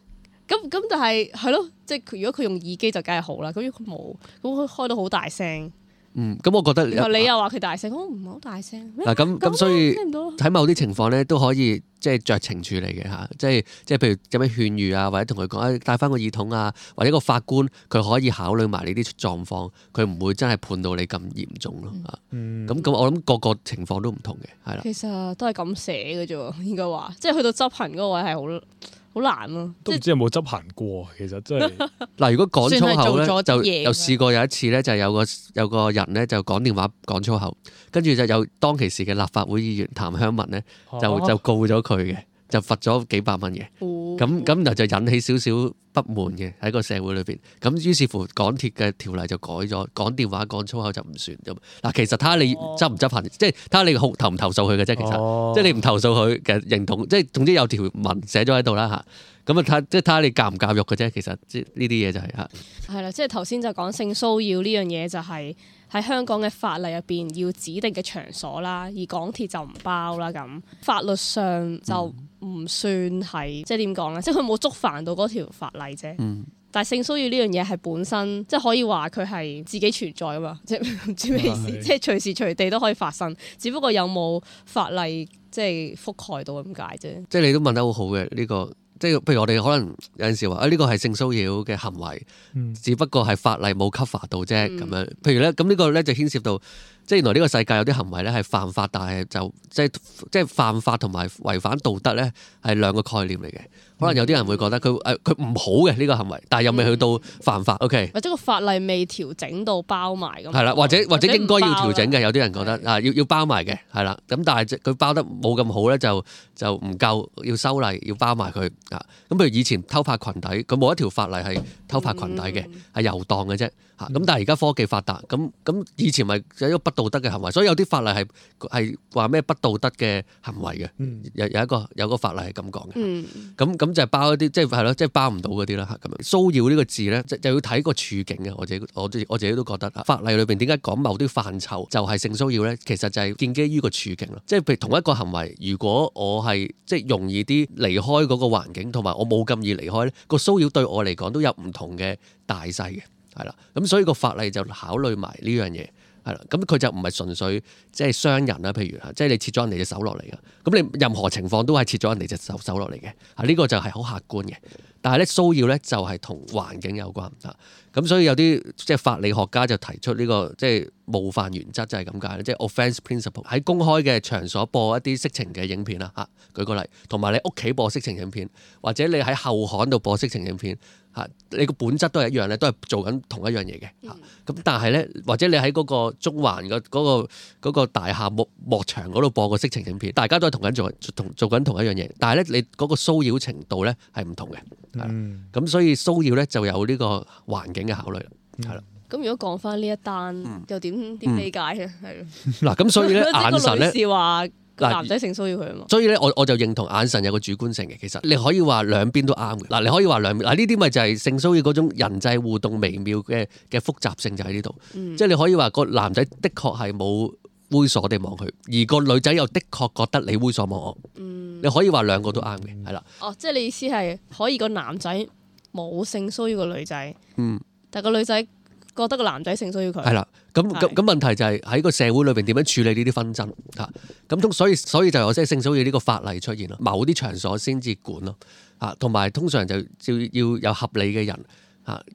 咁咁，但係係咯，即係如果佢用耳機就梗係好啦。咁如果佢冇，咁佢開得好大聲。嗯，咁我覺得你又話佢大聲，啊、我唔係好大聲。咁咁，所以睇某啲情況咧都可以即係酌情處理嘅嚇，即係即係譬如咁樣勸喻啊，或者同佢講啊，戴翻個耳筒啊，或者個法官佢可以考慮埋你啲狀況，佢唔會真係判到你咁嚴重咯。咁咁，我諗個個情況都唔同嘅，係啦。其實都係咁寫嘅啫喎，應該話即係去到執行嗰位係好。好難咯、啊，都唔知有冇執行過，即其實真係。嗱，如果講粗口咧， 就又試過有一次咧，就有個有個人咧就講電話講粗口，跟住就有當其時嘅立法會議員譚香文咧就、啊、就告咗佢嘅。就罰咗幾百蚊嘅，咁咁就就引起少少不滿嘅喺個社會裏邊，咁於是乎港鐵嘅條例就改咗，講電話講粗口就唔算咁。嗱，其實睇下你執唔執行，哦、即係睇下你投唔投訴佢嘅啫。其實，即係你唔投訴佢嘅認同，即係總之有條文寫咗喺度啦吓，咁啊睇，即係睇下你教唔教育嘅啫。其實、就係啊，即呢啲嘢就係嚇。係啦，即係頭先就講性騷擾呢樣嘢就係、係。喺香港嘅法例入邊要指定嘅場所啦，而港鐵就唔包啦咁，法律上就唔算係、嗯、即係點講咧，即係佢冇觸犯到嗰條法例啫。嗯、但但性騷擾呢樣嘢係本身即係可以話佢係自己存在噶嘛，即係唔知咩事，即係隨時隨地都可以發生，只不過有冇法例即係覆蓋到咁解啫。即係你都問得好好嘅呢個。即係譬如我哋可能有陣時話啊呢個係性騷擾嘅行為，嗯、只不過係法例冇 cover 到啫咁樣。譬如咧咁呢個咧就牽涉到。即原來呢個世界有啲行為咧係犯法，但係就即係即係犯法同埋違反道德咧係兩個概念嚟嘅。可能有啲人會覺得佢誒佢唔好嘅呢、這個行為，但係又未去到犯法。嗯、OK，或者個法例未調整到包埋咁。係啦，或者或者應該要調整嘅。有啲人覺得啊，要要包埋嘅，係啦。咁但係佢包得冇咁好咧，就就唔夠，要修例要包埋佢嚇。咁、啊、譬如以前偷拍裙底，佢冇一條法例係偷拍裙底嘅，係遊蕩嘅啫嚇。咁、啊、但係而家科技發達，咁咁以前咪有一筆。道德嘅行為，所以有啲法例係係話咩不道德嘅行為嘅，有、嗯、有一個有一個法例係咁講嘅。咁咁、嗯、就包一啲，即係係咯，即係包唔到嗰啲啦。咁樣騷擾呢個字咧，就就要睇個處境嘅。我自己我自己我自己都覺得法例裏邊點解講某啲範疇就係性騷擾咧？其實就係建基於個處境啦。即係譬如同一個行為，如果我係即係容易啲離開嗰個環境，同埋我冇咁易離開咧，個騷擾對我嚟講都有唔同嘅大細嘅，係啦。咁所以個法例就考慮埋呢樣嘢。咁佢就唔係純粹即係傷人啦，譬如啊，即係你切咗人哋隻手落嚟嘅，咁你任何情況都係切咗人哋隻手手落嚟嘅，啊、這、呢個就係好客觀嘅。但係咧，騷擾咧就係同環境有關嚇，咁所以有啲即係法理學家就提出呢、這個即係、就是、冒犯原則就係咁解，即、就、係、是、offense principle 喺公開嘅場所播一啲色情嘅影片啦嚇，舉個例，同埋你屋企播色情影片，或者你喺後巷度播色情影片。嚇！你個本質都係一樣咧，都係做緊同一樣嘢嘅嚇。咁、嗯、但係咧，或者你喺嗰個中環個嗰個大廈幕幕牆嗰度播個色情影片，大家都係同緊做同做緊同一樣嘢，但係咧，你嗰個騷擾程度咧係唔同嘅。嗯。咁所以騷擾咧就有呢個環境嘅考慮啦，係啦、嗯。咁的如果講翻呢一單，嗯、又點點理解啊？係、嗯。嗱，咁所以咧呢， 眼神咧呢。男仔性騷擾佢啊嘛，所以咧我我就認同眼神有個主觀性嘅，其實你可以話兩邊都啱嘅。嗱，你可以話兩邊，嗱呢啲咪就係性騷擾嗰種人際互動微妙嘅嘅複雜性就喺呢度，即係、嗯、你可以話個男仔的確係冇猥瑣地望佢，而個女仔又的確覺得你猥瑣望我。嗯、你可以話兩個都啱嘅，係啦。哦、啊，即係你意思係可以個男仔冇性騷擾個女仔，嗯，但個女仔，覺得個男仔性騷擾佢，係啦。咁咁咁問題就係喺個社會裏邊點樣處理呢啲紛爭啊？咁通所以所以就有些性騷擾呢個法例出現咯，某啲場所先至管咯啊，同埋通常就要要有合理嘅人。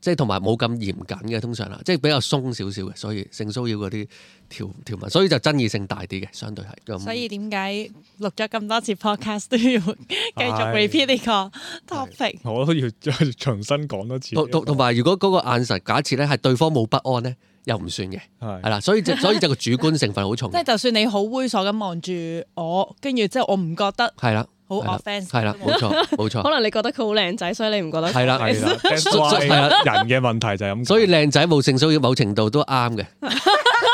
即係同埋冇咁嚴謹嘅，通常啦，即係比較鬆少少嘅，所以性騷擾嗰啲條條文，所以就爭議性大啲嘅，相對係。所以點解錄咗咁多次 podcast 都要繼續 repeat 呢唉 個 topic？我都要再重新講多次。同埋，如果嗰個眼神假設咧係對方冇不安呢，又唔算嘅，係啦的。所以就所以就個主觀成分好重。即係 就，就算你好猥瑣咁望住我，跟住即係我唔覺得。係啦。好 offense，係啦的，冇錯冇錯。 可能你覺得佢好靚仔，所以你唔覺得係啦係啦，係啊，的 人嘅問題就係咁，所以靚仔冇性騷擾某程度都啱嘅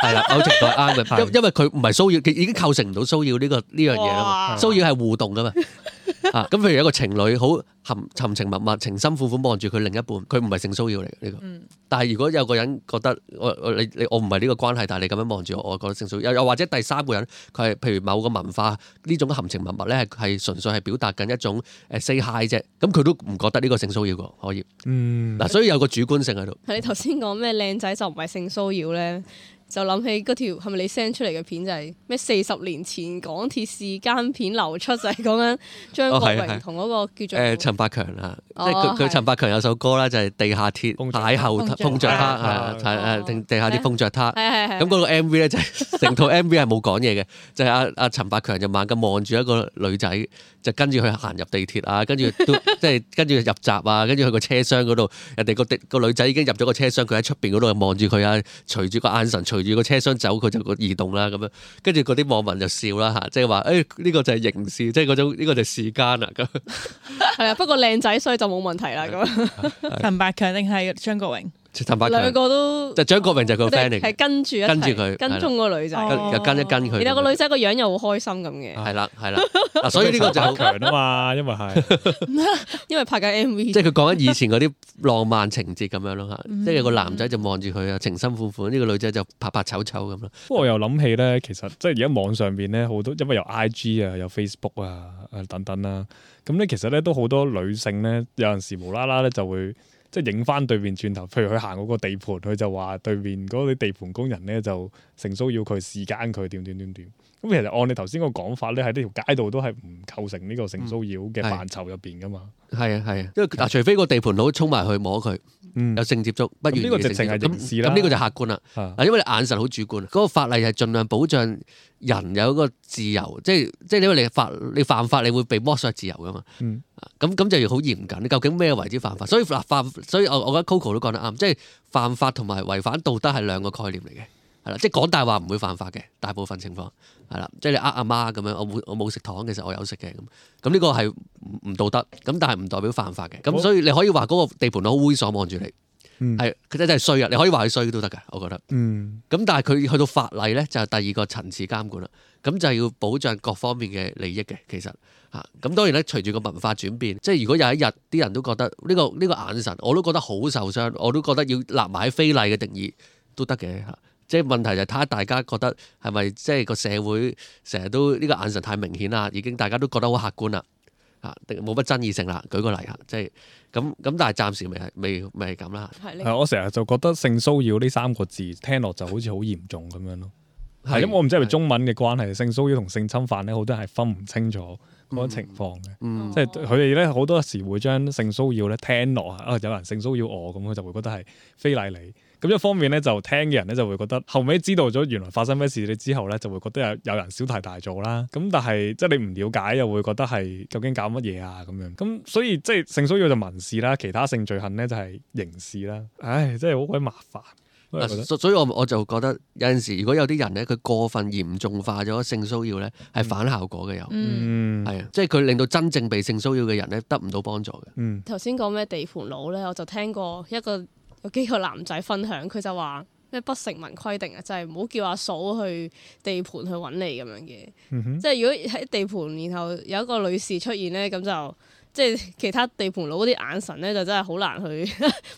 係啦，某程度係啱嘅，因的因為佢唔係騷擾，已經構成唔到騷擾呢個呢樣嘢啦嘛，騷擾係互動噶嘛。咁譬、 啊、如一個情侶好含含情脈脈、情深款款望住佢另一半，佢唔係性騷擾嚟嘅呢個。嗯、但係如果有個人覺得我，我你你我唔係呢個關係，但係你咁樣望住我，我覺得性騷擾。又或者第三個人，佢係譬如某個文化呢種含情脈脈咧，係係純粹係表達緊一種誒 say hi 啫。咁佢都唔覺得呢個性騷擾嘅可以。嗯。嗱、啊，所以有個主觀性喺度。嗯、你頭先講咩靚仔就唔係性騷擾咧？就諗起嗰條係咪你 send 出嚟嘅片，就係咩四十年前港鐵視奸片流出，就係講緊張國榮同嗰個叫做誒陳百強啊，即係佢佢陳百強有首歌啦，就係地下鐵大後碰着他地下啲碰着他，咁嗰個 MV 咧，就係成套 MV 係冇講嘢嘅，就係阿阿陳百強就猛咁望住一個女仔，就跟住佢行入地鐵啊，跟住都即係跟住入閘啊，跟住去個車廂嗰度，人哋個地個女仔已經入咗個車廂，佢喺出邊嗰度望住佢啊，隨住個眼神如果車廂走，佢就個移動啦咁樣，跟住嗰啲網民就笑啦吓，即係話誒呢個就係刑事，即係嗰種呢個就係時間啦咁。係啊，不過靚仔所以就冇問題啦咁。陳百強定係張國榮？兩個都就張國榮就佢個 friend 嚟，係跟住跟住佢，跟蹤個女仔，跟一跟佢。然後個女仔個樣又好開心咁嘅。係啦，係啦。所以呢個就好強啊嘛，因為係，因為拍緊 MV。即係佢講緊以前嗰啲浪漫情節咁樣咯嚇，即係有個男仔就望住佢啊，情深款款，呢個女仔就拍拍醜醜咁咯。不過我又諗起咧，其實即係而家網上邊咧好多，因為有 IG 啊，有 Facebook 啊，等等啦。咁咧其實咧都好多女性咧，有陣時無啦啦咧就會。即係影翻對面轉頭，譬如佢行嗰個地盤，佢就話對面嗰啲地盤工人咧就成日騷擾佢視姦，佢點點點點。咁其實按你頭先個講法咧，喺呢條街度都係唔構成呢個性騷擾嘅範疇入邊噶嘛？係啊，係啊，因為嗱，除非個地盤佬衝埋去摸佢、嗯、有性接觸，不願呢、嗯嗯這個直情係刑事啦。咁呢個就客觀啦。嗱、嗯，因為你眼神好主觀，嗰、那個法例係盡量保障人有一個自由，即係即係因為你犯你犯法，你會被剝削自由噶嘛。嗯，咁咁就要好嚴謹。你究竟咩為之犯法？嗯、所以法、啊，所以我我覺得 Coco 都講得啱，即係犯法同埋違反道德係兩個概念嚟嘅。係啦，即係講大話唔會犯法嘅，大部分情況係啦，即係你呃阿媽咁樣，我冇我冇食糖，其實我有食嘅咁，咁呢個係唔道德，咁但係唔代表犯法嘅，咁、哦、所以你可以話嗰個地盤好猥瑣望住你，係佢真係衰啊！你可以話佢衰都得㗎，我覺得。咁、嗯、但係佢去到法例呢，就係、是、第二個層次監管啦，咁就要保障各方面嘅利益嘅，其實嚇。咁當然咧，隨住個文化轉變，即係如果有一日啲人都覺得呢、呢個呢、呢個眼神，我都覺得好受傷，我都覺得要立埋非禮嘅定義都得嘅即係問題就睇下大家覺得係咪即係個社會成日都呢個眼神太明顯啦，已經大家都覺得好客觀啦，嚇，冇乜爭議性啦。舉個例啊，即係咁咁，但係暫時未係未未係咁啦。係，我成日就覺得性騷擾呢三個字聽落就好似好嚴重咁樣咯。係。 咁我唔知係咪中文嘅關係，性騷擾同性侵犯咧好多係分唔清楚個情況嘅。嗯嗯，即係佢哋咧好多時會將性騷擾咧聽落啊，有人性騷擾我咁，佢就會覺得係非禮你。咁一方面咧，就聽嘅人咧就會覺得後尾知道咗原來發生咩事你之後咧，就會覺得有有人小題大做啦。咁但係即係你唔了解又會覺得係究竟搞乜嘢啊咁樣。咁所以即係性騷擾就民事啦，其他性罪行咧就係刑事啦。唉，真係好鬼麻煩。所以，啊、所以我我就覺得有陣時如果有啲人咧，佢過分嚴重化咗性騷擾咧，係、嗯、反效果嘅又，係啊、嗯，即係佢令到真正被性騷擾嘅人咧得唔到幫助嘅。嗯，頭先講咩地盤佬咧，我就聽過一個。有幾個男仔分享，佢就話咩不成文規定啊，就係唔好叫阿嫂去地盤去揾你咁樣嘅。嗯、哼即係如果喺地盤，然後有一個女士出現呢，咁就即係其他地盤佬啲眼神呢，就真係好難去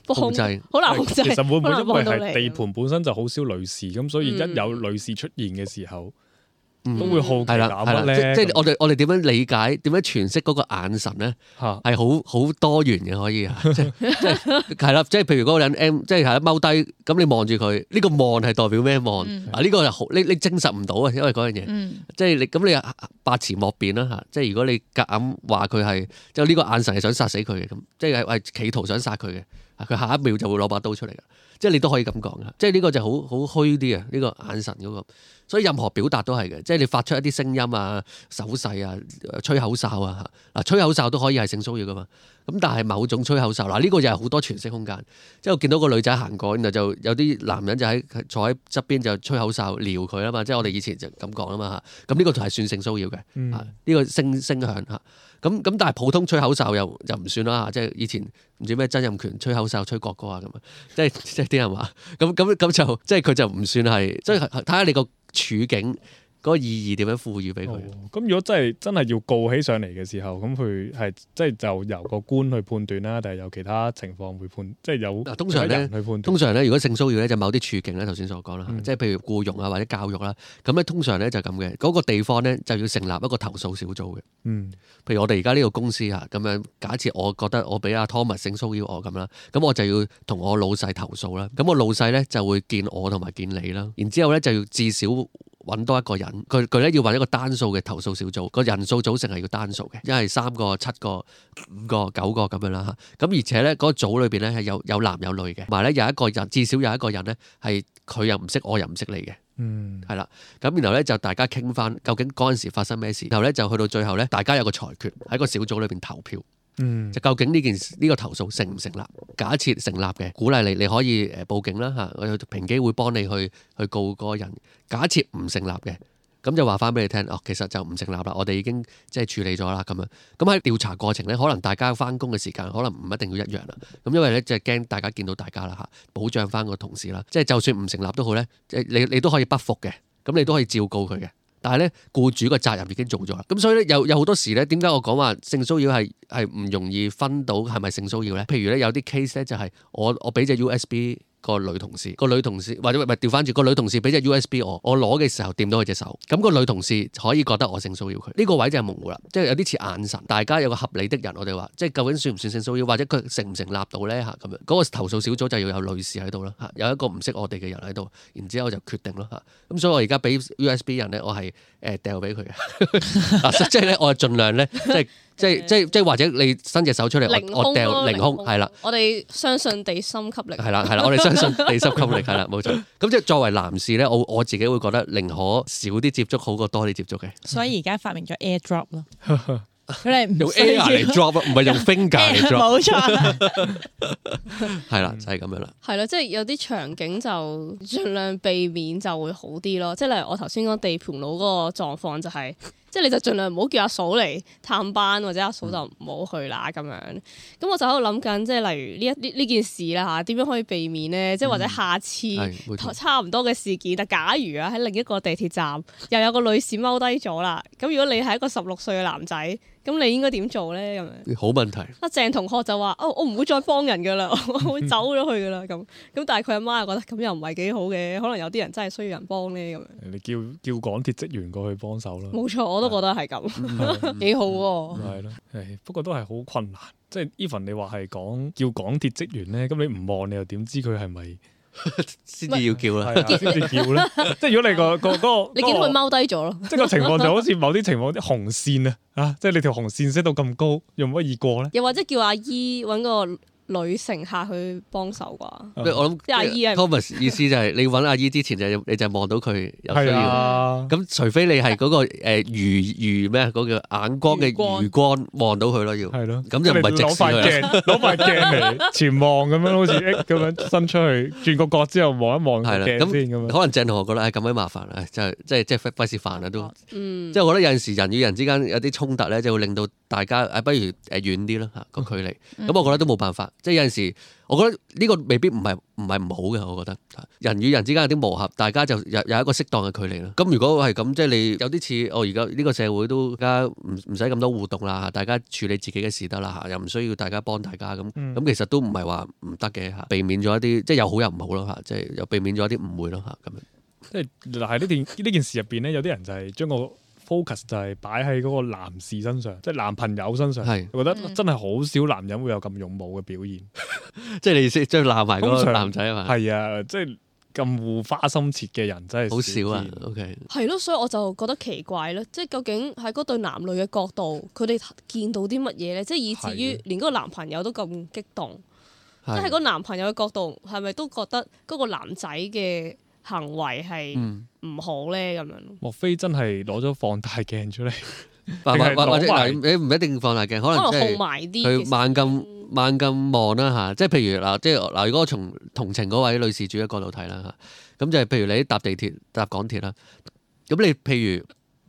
控制。好難控制。其實會唔會因為係地盤本身就好少女士，咁、嗯、所以一有女士出現嘅時候，嗯都會好奇諗咧、嗯，即係我哋我哋點樣理解、點樣詮釋嗰個眼神咧？係好好多元嘅，可以啊，係啦，即係譬如嗰個人 M，即係係踎低，咁你望住佢，呢個望係代表咩望？啊呢個又好，你你證實唔到啊，因為嗰樣嘢，即係你咁你百詞莫辯啦吓。即係如果你夾硬話佢係即係呢個眼神係想殺死佢嘅，咁即係係企圖想殺佢嘅，佢下一秒就會攞把刀出嚟噶。即係你都可以咁講噶，即係呢個就好好虛啲啊！呢、這個眼神嗰、那個，所以任何表達都係嘅，即係你發出一啲聲音啊、手勢啊、吹口哨啊吓嗱，吹口哨都可以係性騷擾噶嘛，咁但係某種吹口哨嗱呢、這個就係好多詮釋空間，即係我見到個女仔行過，然後就有啲男人就喺坐喺側邊就吹口哨撩佢啊嘛，即係我哋以前就咁講啊嘛吓，咁、這、呢個就係算性騷擾嘅，呢、嗯、個聲聲響吓。咁咁但係普通吹口哨又就唔算啦，即係以前唔知咩曾蔭權吹口哨吹國歌啊咁啊，即係即係啲人話，咁咁咁就即係佢就唔算係，即係睇下你個處境。嗰個意義點樣賦予俾佢？咁、哦、如果真係真係要告起上嚟嘅時候，咁佢係即係就是、由個官去判斷啦，但係有其他情況會判，即、就、係、是、有通常咧，判通常咧，如果性騷擾咧，就某啲處境咧，頭先所講啦，嗯、即係譬如僱傭啊或者教育啦，咁咧通常咧就咁嘅嗰個地方咧就要成立一個投訴小組嘅。嗯、譬如我哋而家呢個公司啊，咁樣假設我覺得我俾阿 Thomas 性騷擾我咁啦，咁我就要同我老細投訴啦。咁我老細咧就會見我同埋見你啦。然之後咧就要至少。揾多一個人，佢佢咧要揾一個單數嘅投訴小組，個人數組成係要單數嘅，因為三個、七個、五個、九個咁樣啦嚇。咁而且呢，嗰組裏邊咧係有有男有女嘅，同埋咧有一個人，至少有一個人呢，係佢又唔識，我又唔識你嘅，嗯，係啦。咁然後呢，就大家傾翻究竟嗰陣時發生咩事，然後呢，就去到最後呢，大家有個裁決喺個小組裏邊投票。嗯、就究竟呢件事，呢、呢個投訴成唔成立？假設成立嘅，鼓勵你你可以誒、呃、報警啦嚇，我哋平機會幫你去去告個人。假設唔成立嘅，咁就話翻俾你聽，哦，其實就唔成立啦，我哋已經即係處理咗啦咁樣。咁喺調查過程呢，可能大家翻工嘅時間可能唔一定要一樣啦。咁因為呢就驚、是、大家見到大家啦嚇，保障翻個同事啦。即係就算唔成立都好呢，即係你你，你都可以不服嘅，咁你都可以照告佢嘅。但係咧，雇主個責任已經做咗啦，咁所以咧，有有好多時咧，點解我講話性騷擾係係唔容易分到係咪性騷擾呢？譬如咧，有啲 case 咧就係我我俾隻 USB。個女同事，個女同事或者唔調翻住個女同事俾隻 USB 我，我攞嘅時候掂到佢隻手，咁、個女同事可以覺得我性騷擾佢，呢、呢個位就係模糊啦，即係有啲似眼神，大家有個合理的人，我哋話即係究竟算唔算性騷擾，或者佢成唔成立到呢？嚇咁樣，嗰、個投訴小組就要有女士喺度啦嚇，有一個唔識我哋嘅人喺度，然之後我就決定咯嚇，咁、啊、所以我而家俾 USB 人呢，我係誒掉俾佢啊，即係咧我係盡量呢。即、就、係、是。即係即係即係，或者你伸隻手出嚟，我掉凌空係、啊、啦。我哋相信地心吸力係啦係啦，我哋相信地心吸力係啦，冇錯。咁即係作為男士咧，我我自己會覺得寧可少啲接觸,好過多啲接觸嘅。所以而家發明咗 AirDrop 咯，佢哋 用， 用 Air 嚟 drop，唔係用 finger 嚟 drop，冇錯。係 啦， 就係、是、咁樣啦。係啦，即、就、係、是、有啲場景就盡量避免，就會好啲咯。即係例如我頭先講地盤佬嗰個狀況，就係。即係你就盡量唔好叫阿嫂嚟探班，或者阿嫂就唔好去啦咁、嗯、樣。咁我就喺度諗緊，即係例如呢一呢件事啦嚇，點樣可以避免咧？即係、嗯、或者下次差唔多嘅事件，嗯、但假如啊喺另一個地鐵站又有個女士踎低咗啦，咁 如果你係一個十六歲嘅男仔。咁你應該點做咧？咁樣，好問題。阿鄭同學就話：哦，我唔會再幫人噶啦， 我會走咗去噶啦。咁咁，但係佢阿媽又覺得咁又唔係幾好嘅，可能有啲人真係需要人幫咧。咁樣你叫叫港鐵職員過去幫手囉。冇錯，我都覺得係咁，幾好喎的。係咯，不過都係好困難。即係 Even 你話係講叫港鐵職員咧，咁你唔望你又點知佢係咪？先至要叫啦、啊，先至、 嗯、叫咧。 即係如果你個個嗰個，你見到佢踎低咗咯。 即係個情況就好似某啲情況啲紅線啊，啊，即、就、係、是、你條紅線升到咁高，有冇容不易過咧？又或者叫阿姨搵個女乘客去幫手啩？我諗啲阿姨啊，Thomas 意思就係你揾阿姨之前就你就望到佢有需要。咁除非你係嗰個誒魚魚咩嗰個眼光嘅魚光望到佢咯，要咁就唔係直視佢攞埋鏡嚟前望咁樣，好似咁樣伸出去轉個角之後望一望鏡先。可能鄭同學覺得誒咁鬼麻煩啊，就係即係即係費事煩啊都。即係我覺得有陣時人與人之間有啲衝突咧，就會令到大家不如誒遠啲啦嚇個距離。咁我覺得都冇辦法。即係有陣時我不不，我覺得呢個未必唔係唔係唔好嘅。我覺得人與人之間有啲磨合，大家就有有一個適當嘅距離咯。咁如果係咁，即係你有啲似哦，而家呢個社會都而家唔唔使咁多互動啦，嚇，大家處理自己嘅事得啦，嚇，又唔需要大家幫大家咁。咁、嗯、其實都唔係話唔得嘅嚇，避免咗一啲即係有好又唔好咯嚇，即係又避免咗一啲誤會咯嚇咁樣。即係嗱喺呢件呢 件事入邊咧，有啲人就係將我 focus 就係擺喺嗰個男士身上，即係男朋友身上，係，我覺得真係好少男人會有咁勇武嘅表現，即係你意思，即係鬧埋嗰男仔啊，係啊，即係咁護花心切嘅人真係好少啊。OK，係咯，所以我就覺得奇怪咯，即係究竟喺嗰對男女嘅角度，佢哋見到啲乜嘢咧？即係以至於連嗰個男朋友都咁激動，即係喺個男朋友嘅角度，係咪都覺得嗰個男仔嘅行為係唔好咧咁樣，嗯、莫非真係攞咗放大鏡出嚟？ 或者你唔一定放大鏡，可能可埋啲，佢慢咁慢咁望啦嚇，即係譬如嗱，即係嗱，如果從同情嗰位女事主嘅角度睇啦嚇，咁、啊、就係譬如你搭地鐵搭港鐵啦，咁你譬如。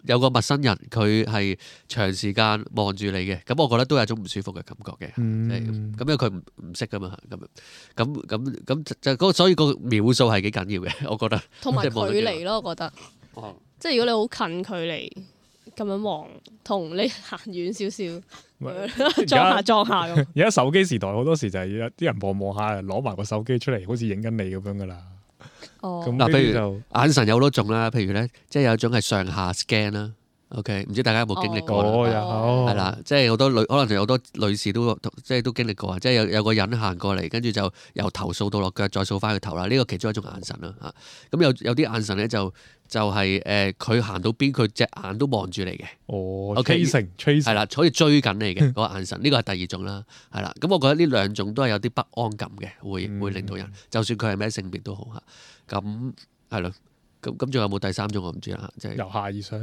有個陌生人，佢係長時間望住你嘅，咁我覺得都係一種唔舒服嘅感覺嘅。嗯，咁、就是、因為佢唔唔識噶嘛，咁咁咁咁就所以個秒數係幾緊要嘅，我覺得。同埋距離咯，我覺得。 即係如果你好近距離咁樣望，同你行遠少少，裝在 下裝下。而家手機時代好多時就係有啲人望望下，攞埋個手機出嚟，好似影緊你咁樣噶啦。哦，咁嗱，譬如眼神有好多種啦，譬如咧，即係有一種係上下 scan 啦。OK，唔知大家有冇經歷過啦，係啦，即係好多女，可能有好多女士都即係都經歷過啊！即係有有個人行過嚟，跟住就由頭掃到落腳，再掃翻去頭啦。呢、這個其中一種眼神啦嚇，咁有有啲眼神咧就是、就係誒，佢行到邊佢隻眼都望住你嘅。哦，OK，係啦，好似追緊你嘅嗰、那個、眼神，呢個係第二種啦，係啦。 咁我覺得呢兩種都係有啲不安感嘅，會會令到人，嗯、就算佢係咩性別都好嚇。咁係咯。咁咁仲有冇第三種我唔知啦，即係由下而上，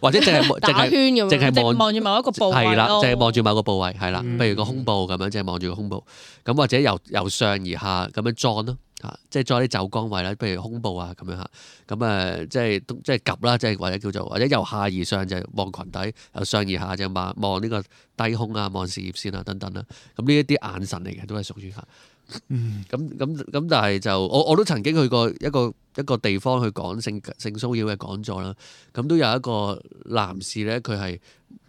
或者淨係淨係打圈咁，淨係望望住某一個部位。係啦，淨係望住某個部位。係啦、嗯嗯，譬如個胸部咁樣，即係望住個胸部。咁或者由由上而下咁樣撞咯，嚇，即係撞啲走光位啦，譬如胸部啊咁樣嚇。咁誒，即係即係 𥄫 啦，即係或者叫做或者由下而上就係望裙底，由上而下就望望呢個低胸啊，望事業線啊等等啦。咁呢一啲眼神嚟嘅都係屬於嚇。嗯，咁咁咁，但係就我我都曾經去過一個一個地方去講性騷擾嘅講座啦，咁都有一個男士咧，佢係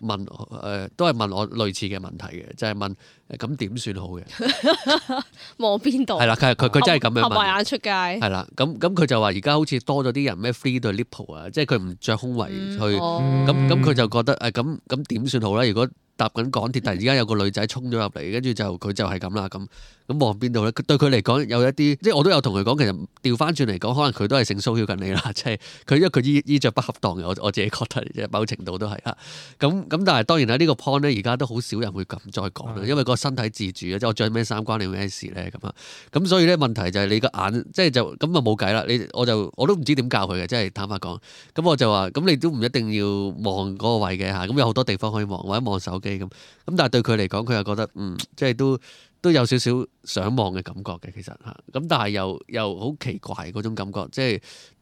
問誒、呃，都係問我類似嘅問題嘅，就係、是、問咁點算好嘅？望邊度？係啦，佢佢 裡真係咁樣問我，合眼出街係啦，咁咁佢就話而家好似多咗啲人咩 free the nipple 啊，即係佢唔着胸圍去，咁咁佢就覺得誒，咁咁點算好咧？如果搭緊港鐵，突然間有個女仔衝咗入嚟，跟住就佢就係咁啦，咁。咁望邊度咧？對佢嚟講有一啲，即係我都有同佢講。其實調翻轉嚟講，可能佢都係性騷擾緊你啦。即係佢因為佢衣衣著不合當嘅，我我自己覺得即係某程度都係咁咁，但係當然啦，呢個 point 咧，而家都好少人會咁再講啦。因為個身體自主即我着咩衫關你咩事咧咁啊。咁所以咧問題就係你個眼即係就咁啊冇計啦。你我就我都唔知點教佢嘅，即係坦白講。咁我就話咁你都唔一定要望嗰個位嘅嚇。咁有好多地方可以望，或者望手機咁。咁但係對佢嚟講，佢又覺得，嗯，即係都。都有少少想望嘅感覺嘅，其實嚇，咁但係又又好奇怪嗰種感覺，即係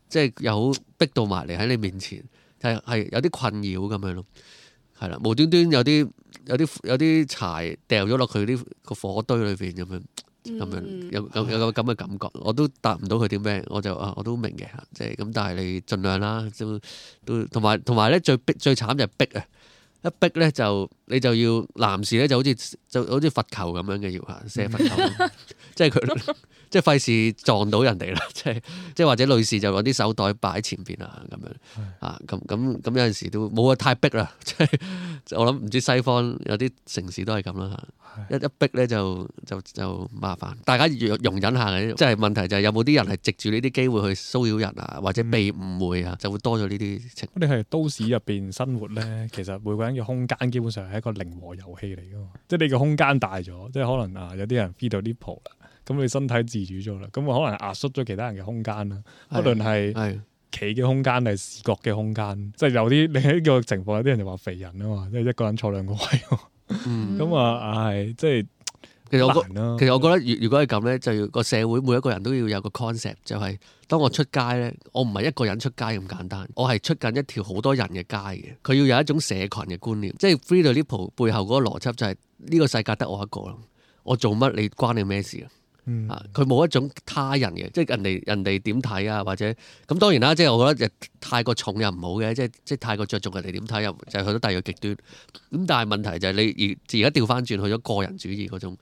即係又好逼到埋嚟喺你面前，係係有啲困擾咁樣咯，係啦，無端端有啲有啲有啲柴掉咗落去啲個火堆裏邊咁樣，咁樣有有有咁嘅感覺，我都答唔到佢啲咩。我就啊我都明嘅即係咁，但係你盡量啦，都都同埋同埋咧最逼最慘就係逼啊！一逼咧就你就要男士咧就好似就好似罰球咁樣嘅要吓射罰球，即係佢。即係費事撞到人哋啦，即係即係或者女士就攞啲手袋擺喺前邊是的 啊咁樣啊，咁咁咁有陣時都冇話太逼啦，即係我諗唔知西方有啲城市都係咁啦，一一逼咧就就就麻煩，大家容忍下，即係問題就係、是、有冇啲人係藉住呢啲機會去騷擾人啊，或者被誤會啊，嗯、就會多咗呢啲情況。你係都市入邊生活咧， 其實每個人嘅空間基本上係一個零和遊戲嚟噶嘛，即係你嘅空間大咗，即係可能啊有啲人 feel 到啲。i 啦。咁你身體自主咗啦，咁啊，可能壓縮咗其他人嘅空間啦。不論係企嘅空間，定係視覺嘅空間，即係有啲呢個情況，啲人就話肥人啊嘛，即係一個人坐兩個位。咁啊，係即係其實我覺啦，其實我覺得，如果係咁咧，就要個社會每一個人都要有個 concept，就係當我出街咧，我唔係一個人出街咁簡單，我係出緊一條好多人嘅街嘅。佢要有一種社群嘅觀念，即係 Free to Leap 背後嗰個邏輯就係呢個世界得我一個咯，我做乜你關你咩事啊？啊！佢冇、嗯、一種他人嘅，即係人哋人哋點睇啊，或者咁當然啦，即係我覺得太過重又唔好嘅，即係即係太過着重人哋點睇又就去到第二個極端。咁但係問題就係你而而家調翻轉去咗個人主義嗰種，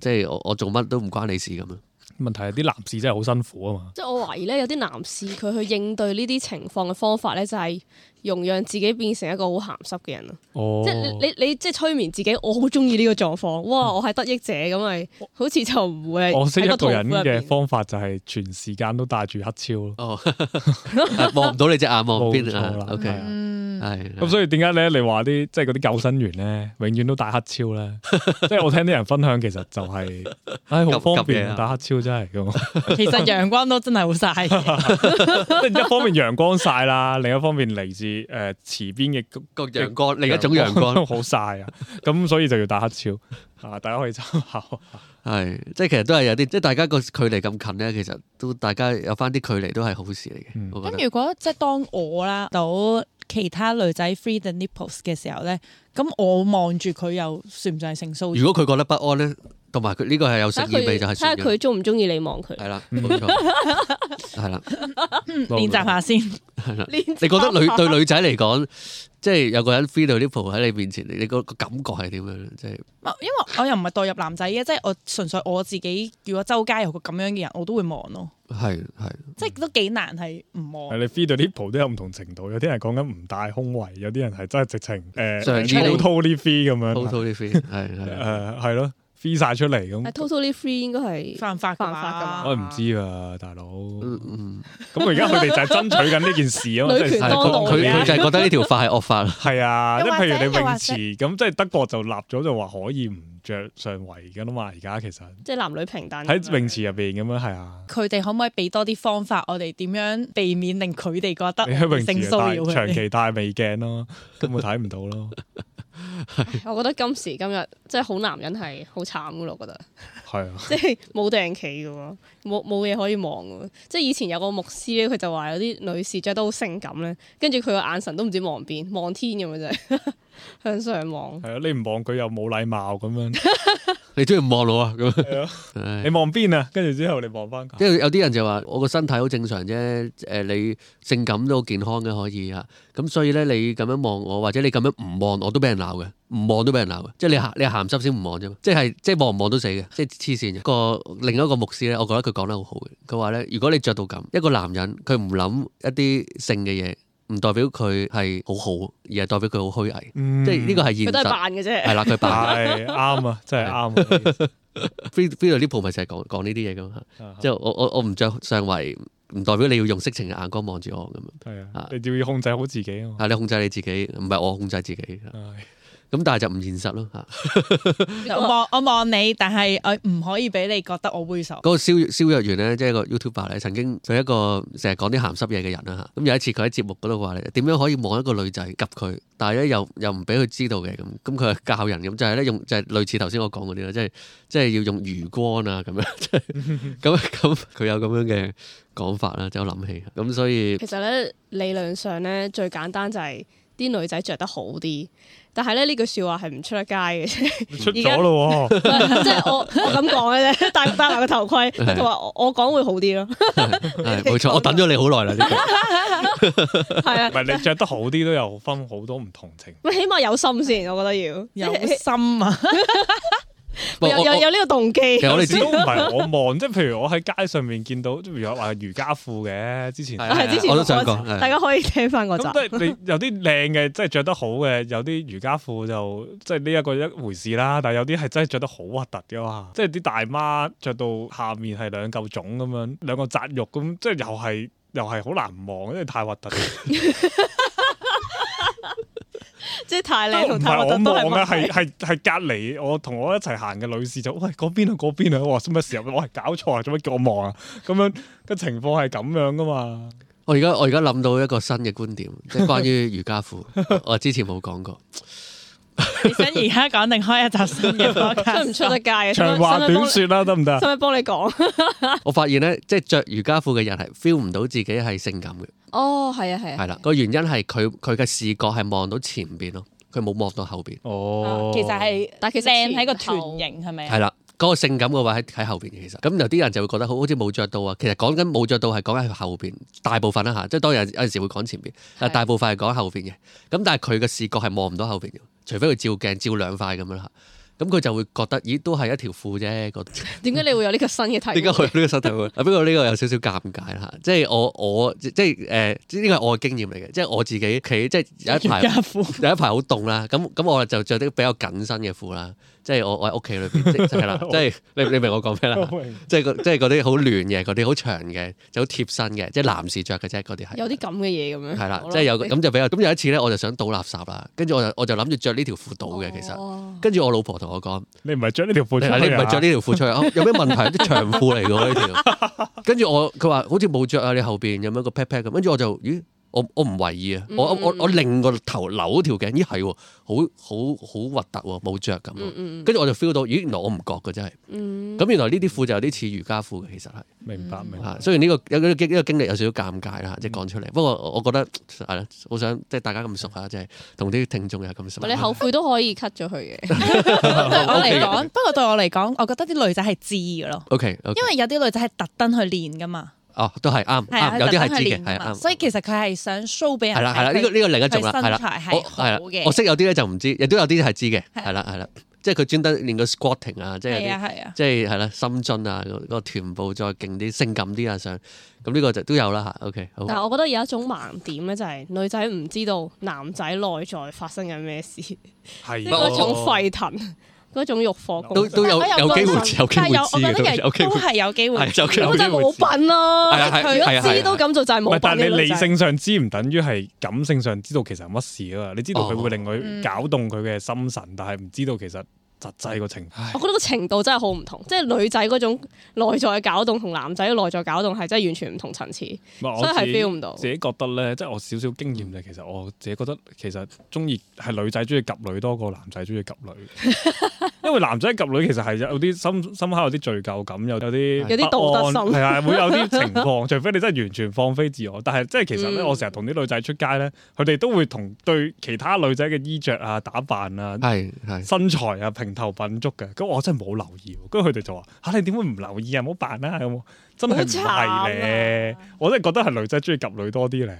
即係我我做乜都唔關你事咁樣。問題係啲男士真係好辛苦啊嘛！即係我懷疑咧，有啲男士佢去應對呢啲情況嘅方法咧、就係，就係。容讓自己變成一個好鹹濕嘅人啊！哦、即係你你即係、就係、催眠自己，我好中意呢個狀況。哇！我係得益者咁咪，好似就唔會。我識一個人嘅方法就係全時間都戴住黑超咯。望唔、哦、 到你隻眼望邊 啊！OK，係。咁、嗯、 所以點解咧？你話啲即係啲救生員咧，永遠都戴黑超咧？ 即係 我聽啲人分享，其實就係、係，好、哎、方便戴黑超真係咁。其實陽光都真係好曬。 一方面陽光曬啦，另一方面嚟自。誒、呃，池邊嘅個陽光，另一種陽光好曬 啊！咁 所以就要打黑超。吓， 大家可以參考。係，即係其實都係有啲，即係大家個距離咁近咧，其實都，大家，其實都大家有翻啲距離都係好事嚟嘅。咁、嗯、如果即係當我啦到其他女仔 free the nipples 嘅時候咧，咁我望住佢又算唔算係性騷擾？如果佢覺得不安咧？同埋佢呢個係有性意味，就係睇下佢中唔中意你望佢。係啦，冇錯，係啦，練習下先。係啦，你覺得女對女仔嚟講，即係有個人 free the nipple 喺你面前，你你個感覺係點樣？即係，因為我又唔係代入男仔嘅，即係我純粹我自己。如果周街有個咁樣嘅人，我都會望咯。係係。即係都幾難，係唔望。你 free the nipple 都有唔同程度，有啲人講緊唔帶胸圍，有啲人係真係直情誒，total free 咁樣。total free 係係誒係咯。free 晒出嚟咁，係 totally free 應該係犯法噶嘛？我唔知啊，大佬。咁而家佢哋就係爭取緊呢件事啊嘛，即係佢佢就係覺得呢條法係惡法。係啊，即係譬如你泳池咁，即係德國就立咗就話可以唔着上圍噶啦嘛。而家其實即係男女平等喺泳池入邊咁樣，係啊。佢哋可唔可以俾多啲方法？我哋點樣避免令佢哋覺得性騷擾？長期戴眉鏡咯，根本睇唔到咯。我覺得今時今日即係好男人係好慘噶咯，我覺得係是啊即，即係冇定企噶喎，冇冇嘢可以望噶喎。即係以前有個牧師咧，佢就話有啲女士着得好性感咧，跟住佢個眼神都唔知望邊，望天咁樣就係， 向上望。係啊，你唔望佢又冇禮貌咁樣。 你中意望我啊？咁，的 你望邊啊？跟住之後你望翻佢。即係有啲人就話我個身體好正常啫。誒、呃，你性感都好健康嘅，可以啊。咁所以咧，你咁樣望我，或者你咁樣唔望我，都俾人鬧嘅。唔望都俾人鬧嘅。即係你鹹，你鹹濕先唔望啫嘛。即係即係望唔望都死嘅。即係黐線。一個另一個牧師咧，我覺得佢講得好好嘅。佢話咧，如果你着到咁一個男人，佢唔諗一啲性嘅嘢。唔代表佢係好好，而係代表佢好虛偽，嗯、即係呢個係現實。佢都係扮嘅啫。係啦，佢扮，啱啊，真係啱。啊對。feel feel 到啲鋪咪就係講講呢啲嘢咁啊。即係、uh huh. 我我我唔着上圍，唔代表你要用色情嘅眼光望住我咁啊。係啊、uh，huh. uh, 你就要控制好自己啊。嘛。Uh, 你控制你自己，唔係我控制自己。Uh huh. 咁但係就唔現實咯嚇。 我望我望你，但係我唔可以俾你覺得我猥瑣。嗰個蕭蕭若元咧，即係個 YouTuber 曾經就係一個成日講啲鹹濕嘢嘅人啦，咁有一次佢喺節目嗰度話咧，點樣可以望一個女仔及佢，但係咧又又唔俾佢知道嘅咁。咁佢係教人咁就係咧用，就係類似頭先我講嗰啲啦，即係即係要用餘光啊咁樣。咁咁佢有咁樣嘅講法啦，就諗起咁所以。其實咧理論上咧最簡單就係啲女仔着得好啲。但係咧呢句說話係唔出得街嘅，出咗咯，即係我咁講嘅啫。戴戴埋個頭盔，佢就話我講會好啲咯。係冇錯，錯 我等咗你好耐啦。係 啊，唔係 你着得好啲都有分好多唔同情。咪起碼有心先，我覺得要有心啊。 不有我有我有呢個動機，其實我哋都唔係我望，即係譬如我喺街上面見到，即係如果話瑜伽褲嘅，之前係啊， 之前我都想講，大家可以聽翻個集，即係你有啲靚嘅，即係着得好嘅，有啲瑜伽褲就即係呢一個一回事啦。但係有啲係真係着得好核突嘅嘛，即係啲大媽着到下面係兩嚿粽咁樣，兩個紮肉咁，即係又係又係好難望，因為太核突。 即係太靚，唔係我望嘅，係係係隔籬我同我一齊行嘅女士就喂，嗰邊啊嗰邊啊，哇做乜時候？我哇搞錯啊，做乜叫我望啊，咁樣嘅情況係咁樣㗎嘛。我而家我而家諗到一個新嘅觀點，即係關於瑜伽褲， 我之前冇講過。而家講定開一扎新嘅， 都唔出得街。嘅。想想長話短說啦、啊，得唔得？使乜幫你講？ 我發現咧，即係着瑜伽褲嘅人係 feel 唔到自己係性感嘅。哦，係啊，係啊，係啦，個原因係佢佢嘅視覺係望到前邊咯，佢冇望到後邊。哦，其實係，但其實靚喺個臀形，係咪？係啦，嗰個性感嘅話喺喺後邊其實，咁有啲人就會覺得好好似冇着到啊。其實講緊冇着到係講緊後邊大部分啦嚇，即係當然有陣時會講前邊，但大部分係講喺後邊嘅。咁但係佢嘅視覺係望唔到後邊嘅，除非佢照鏡照兩塊咁樣啦。咁佢就會覺得，咦，都係一條褲啫。個點解你會有呢個新嘅睇？點解會有呢個新睇？啊，不過呢個有少少尷尬啦。即係我我即係誒，呢個係呃，我嘅經驗嚟嘅。即係我自己企，即係有一排 有一排好凍啦。咁咁我就着啲比較緊身嘅褲啦。即係我我喺屋企裏邊，即係啦，即係你你明我講咩啦？即係即係嗰啲好亂嘅，嗰啲好長嘅，就好貼身嘅，即係男士着嘅啫，嗰啲係。 有啲咁嘅嘢咁樣。係啦，即係有個咁就比較。咁有一次咧，我就想倒垃圾啦，跟住我就我就諗住着呢條褲倒嘅其實。跟住、哦、我老婆同我講：你唔係着呢條褲出嚟，你唔係着呢條褲出去？有咩問題？啲長褲嚟㗎呢條。跟住 我佢話：好似冇着啊！你後邊有冇個 pat pat 咁？跟住我就咦。我我唔為意啊！我我我擰個頭扭條頸，咦係喎，好好好核突喎，冇着咁跟住我就 feel 到，咦原來我唔覺嘅真係。咁原來呢啲褲就有啲似瑜伽褲嘅，其實係。明白明白。雖然呢個有經呢個經歷有少少尷尬啦，即係講出嚟。不過我覺得係啦，好想即係大家咁熟下，即係同啲聽眾又咁熟。你後悔都可以 cut 咗佢嘅。對我嚟講，不過對我嚟講，我覺得啲女仔係知嘅咯。OK 因為有啲女仔係特登去練噶嘛。哦，都係啱啱，有啲係知嘅，係啱。所以其實佢係想 show 俾人。係啦係啦，呢個呢個另一種啦，係啦。身材係好嘅。我識有啲咧就唔知，亦都有啲係知嘅，係啦係啦。即係佢專登練個 squatting 啊，即係有啲，即係係啦，深蹲啊，個臀部再勁啲、性感啲啊，想咁呢個就都有啦吓 OK。但係我覺得有一種盲點咧，就係女仔唔知道男仔內在發生緊咩事，係嗰種沸騰。嗰種欲火，都都有，有，有機會，有機會，都係有機會。就係冇品咯，佢知都咁做就係冇品咯。但係你理性上知唔等於係感性上知道其實係乜事啊嘛？你知道佢會令佢搞動佢嘅心神，哦、但係唔知道其實。實際個程度，我覺得個程度真係好唔同，唉即係女仔嗰種內在嘅搞動同男仔嘅內在搞動係真係完全唔同層次，真是以係 feel 唔到自。自己覺得呢，即係我少少經驗啫，其實我自己覺得其實中意係女仔中意睇女多過男仔中意睇女。 因為男仔及女其實係有啲深深刻，有啲罪疚感，有有啲有啲道德心，係啊，會有啲情況。 除非你真係完全放飛自我，但係即係其實咧，我成日同啲女仔出街咧，佢哋都會同對其他女仔嘅衣着啊、打扮啊、身材啊、評頭品足嘅。咁我真係冇留意，跟住佢哋就話嚇、啊、你點會唔留意啊？唔好扮啦，有冇？」真係唔係咧，我真係覺得係女仔中意睇女多啲咧。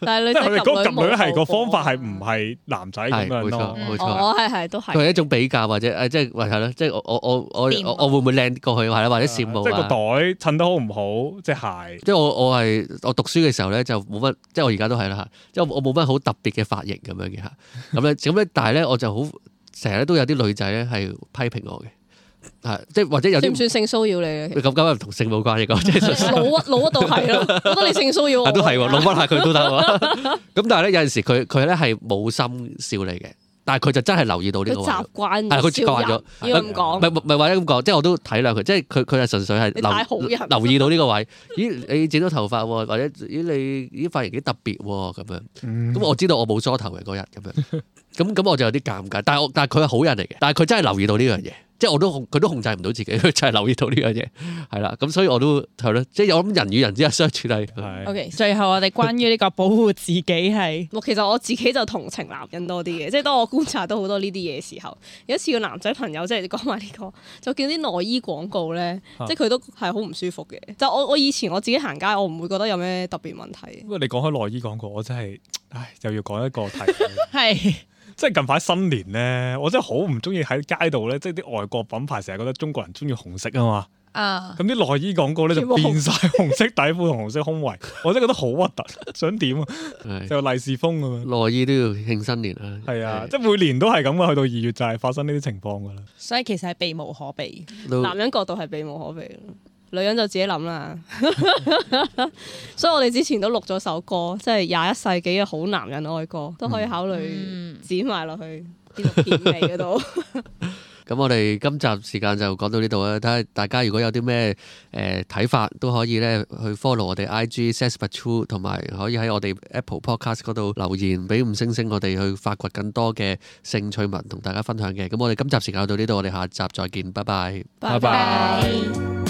但係女，即係佢哋嗰睇女係個方法係唔係男仔咁樣？冇錯，冇錯，我係係都係。係一種比較或者即係或係咯，即係我我我我我會唔會靚啲過去，或者閃或者羨慕？即係個袋襯得好唔好？即係鞋。即係我我係我讀書嘅時候咧，就冇乜，即係我而家都係啦嚇。即係我冇乜好特別嘅髮型咁樣嘅嚇。咁咧咁但係咧我就好成日都有啲女仔咧係批評我嘅。係即係或者有啲算唔算性騷擾你？咁咁啊，同性冇關係噶，即係純。老屈老屈到係咯， 覺得你性騷擾我。都係喎，老屈係佢都得。咁 但係咧，有陣時佢佢咧係冇心笑你嘅，但係佢就真係留意到呢個習慣。係佢習慣咗。啊、要咁講，唔唔或者咁講，即係我都體諒佢，即係佢佢係純粹係留， 留意到呢個位。咦？你剪咗頭髮，或者咦？你呢髮型幾特別咁樣？咁、嗯、我知道我冇梳頭嘅嗰日咁樣。咁咁我就有啲尷尬。但係我但係佢係好人嚟嘅，但係佢真係留意到呢樣嘢。即係我都控佢都控制唔到自己，就係留意到呢樣嘢係啦。咁所以我都係咯，即係我諗人與人之間相處係。的 OK，最後我哋關於呢個保護自己係， 其實我自己就同情男人多啲嘅。即係當我觀察到好多呢啲嘢時候，有一次個男仔朋友即係你講埋呢個，就見啲內衣廣告咧，即係佢都係好唔舒服嘅。就我我以前我自己行街，我唔會覺得有咩特別問題。不過，你講開內衣廣告，我真係唉，就要講一個題。係。 即係近排新年咧，我真係好唔中意喺街度咧，即係啲外國品牌成日覺得中國人中意紅色啊嘛。啊！咁啲內衣廣告咧就變晒紅色底褲同紅色胸圍， 我真係覺得好核突，想點啊？ 就利是風咁啊！內衣都要慶新年啊！係啊， 即係每年都係咁啊，去到二月就係發生呢啲情況噶啦。所以其實係避無可避，都男人角度係避無可避。女人就自己諗啦，所以我哋之前都錄咗首歌，即係廿一世紀嘅好男人愛歌，都可以考慮剪埋落去結尾嗰度。咁 我哋今集時間就講到呢度啦。睇大家如果有啲咩誒睇法，都可以咧去 follow 我哋 IG s e s p e c t o o 同埋可以喺我哋 Apple Podcast 度留言，俾吳星星我哋去發掘更多嘅性趣文，同大家分享嘅。咁我哋今集時間到呢度，我哋下集再見，拜拜，拜拜 bye。Bye bye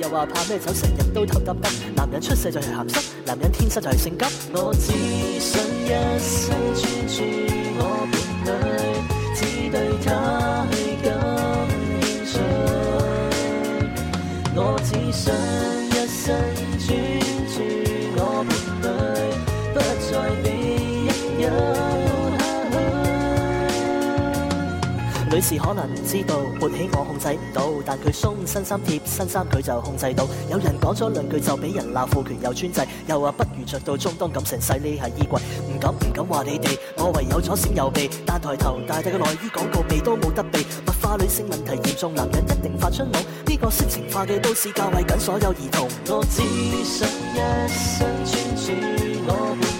又話怕咩酒，成日都頭耷耷。男人出世就係鹹濕，男人天生就係性急。我只想一生專注我伴侶，只對他。女士可能唔知道，勃起我控制唔到，但佢鬆身衫貼身衫佢就控制到。有人講咗兩句就俾人鬧，父權又專制，又話不如着到中東咁成世呢係衣櫃，唔敢唔敢話你哋，我唯有左閃右避。但抬頭大大嘅內衣廣告避都冇得避，物化女性問題嚴重，男人一定發春夢。呢、這個色情化嘅都市教壞緊所有兒童，我只想一生專注。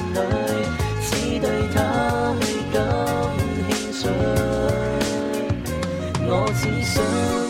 只想。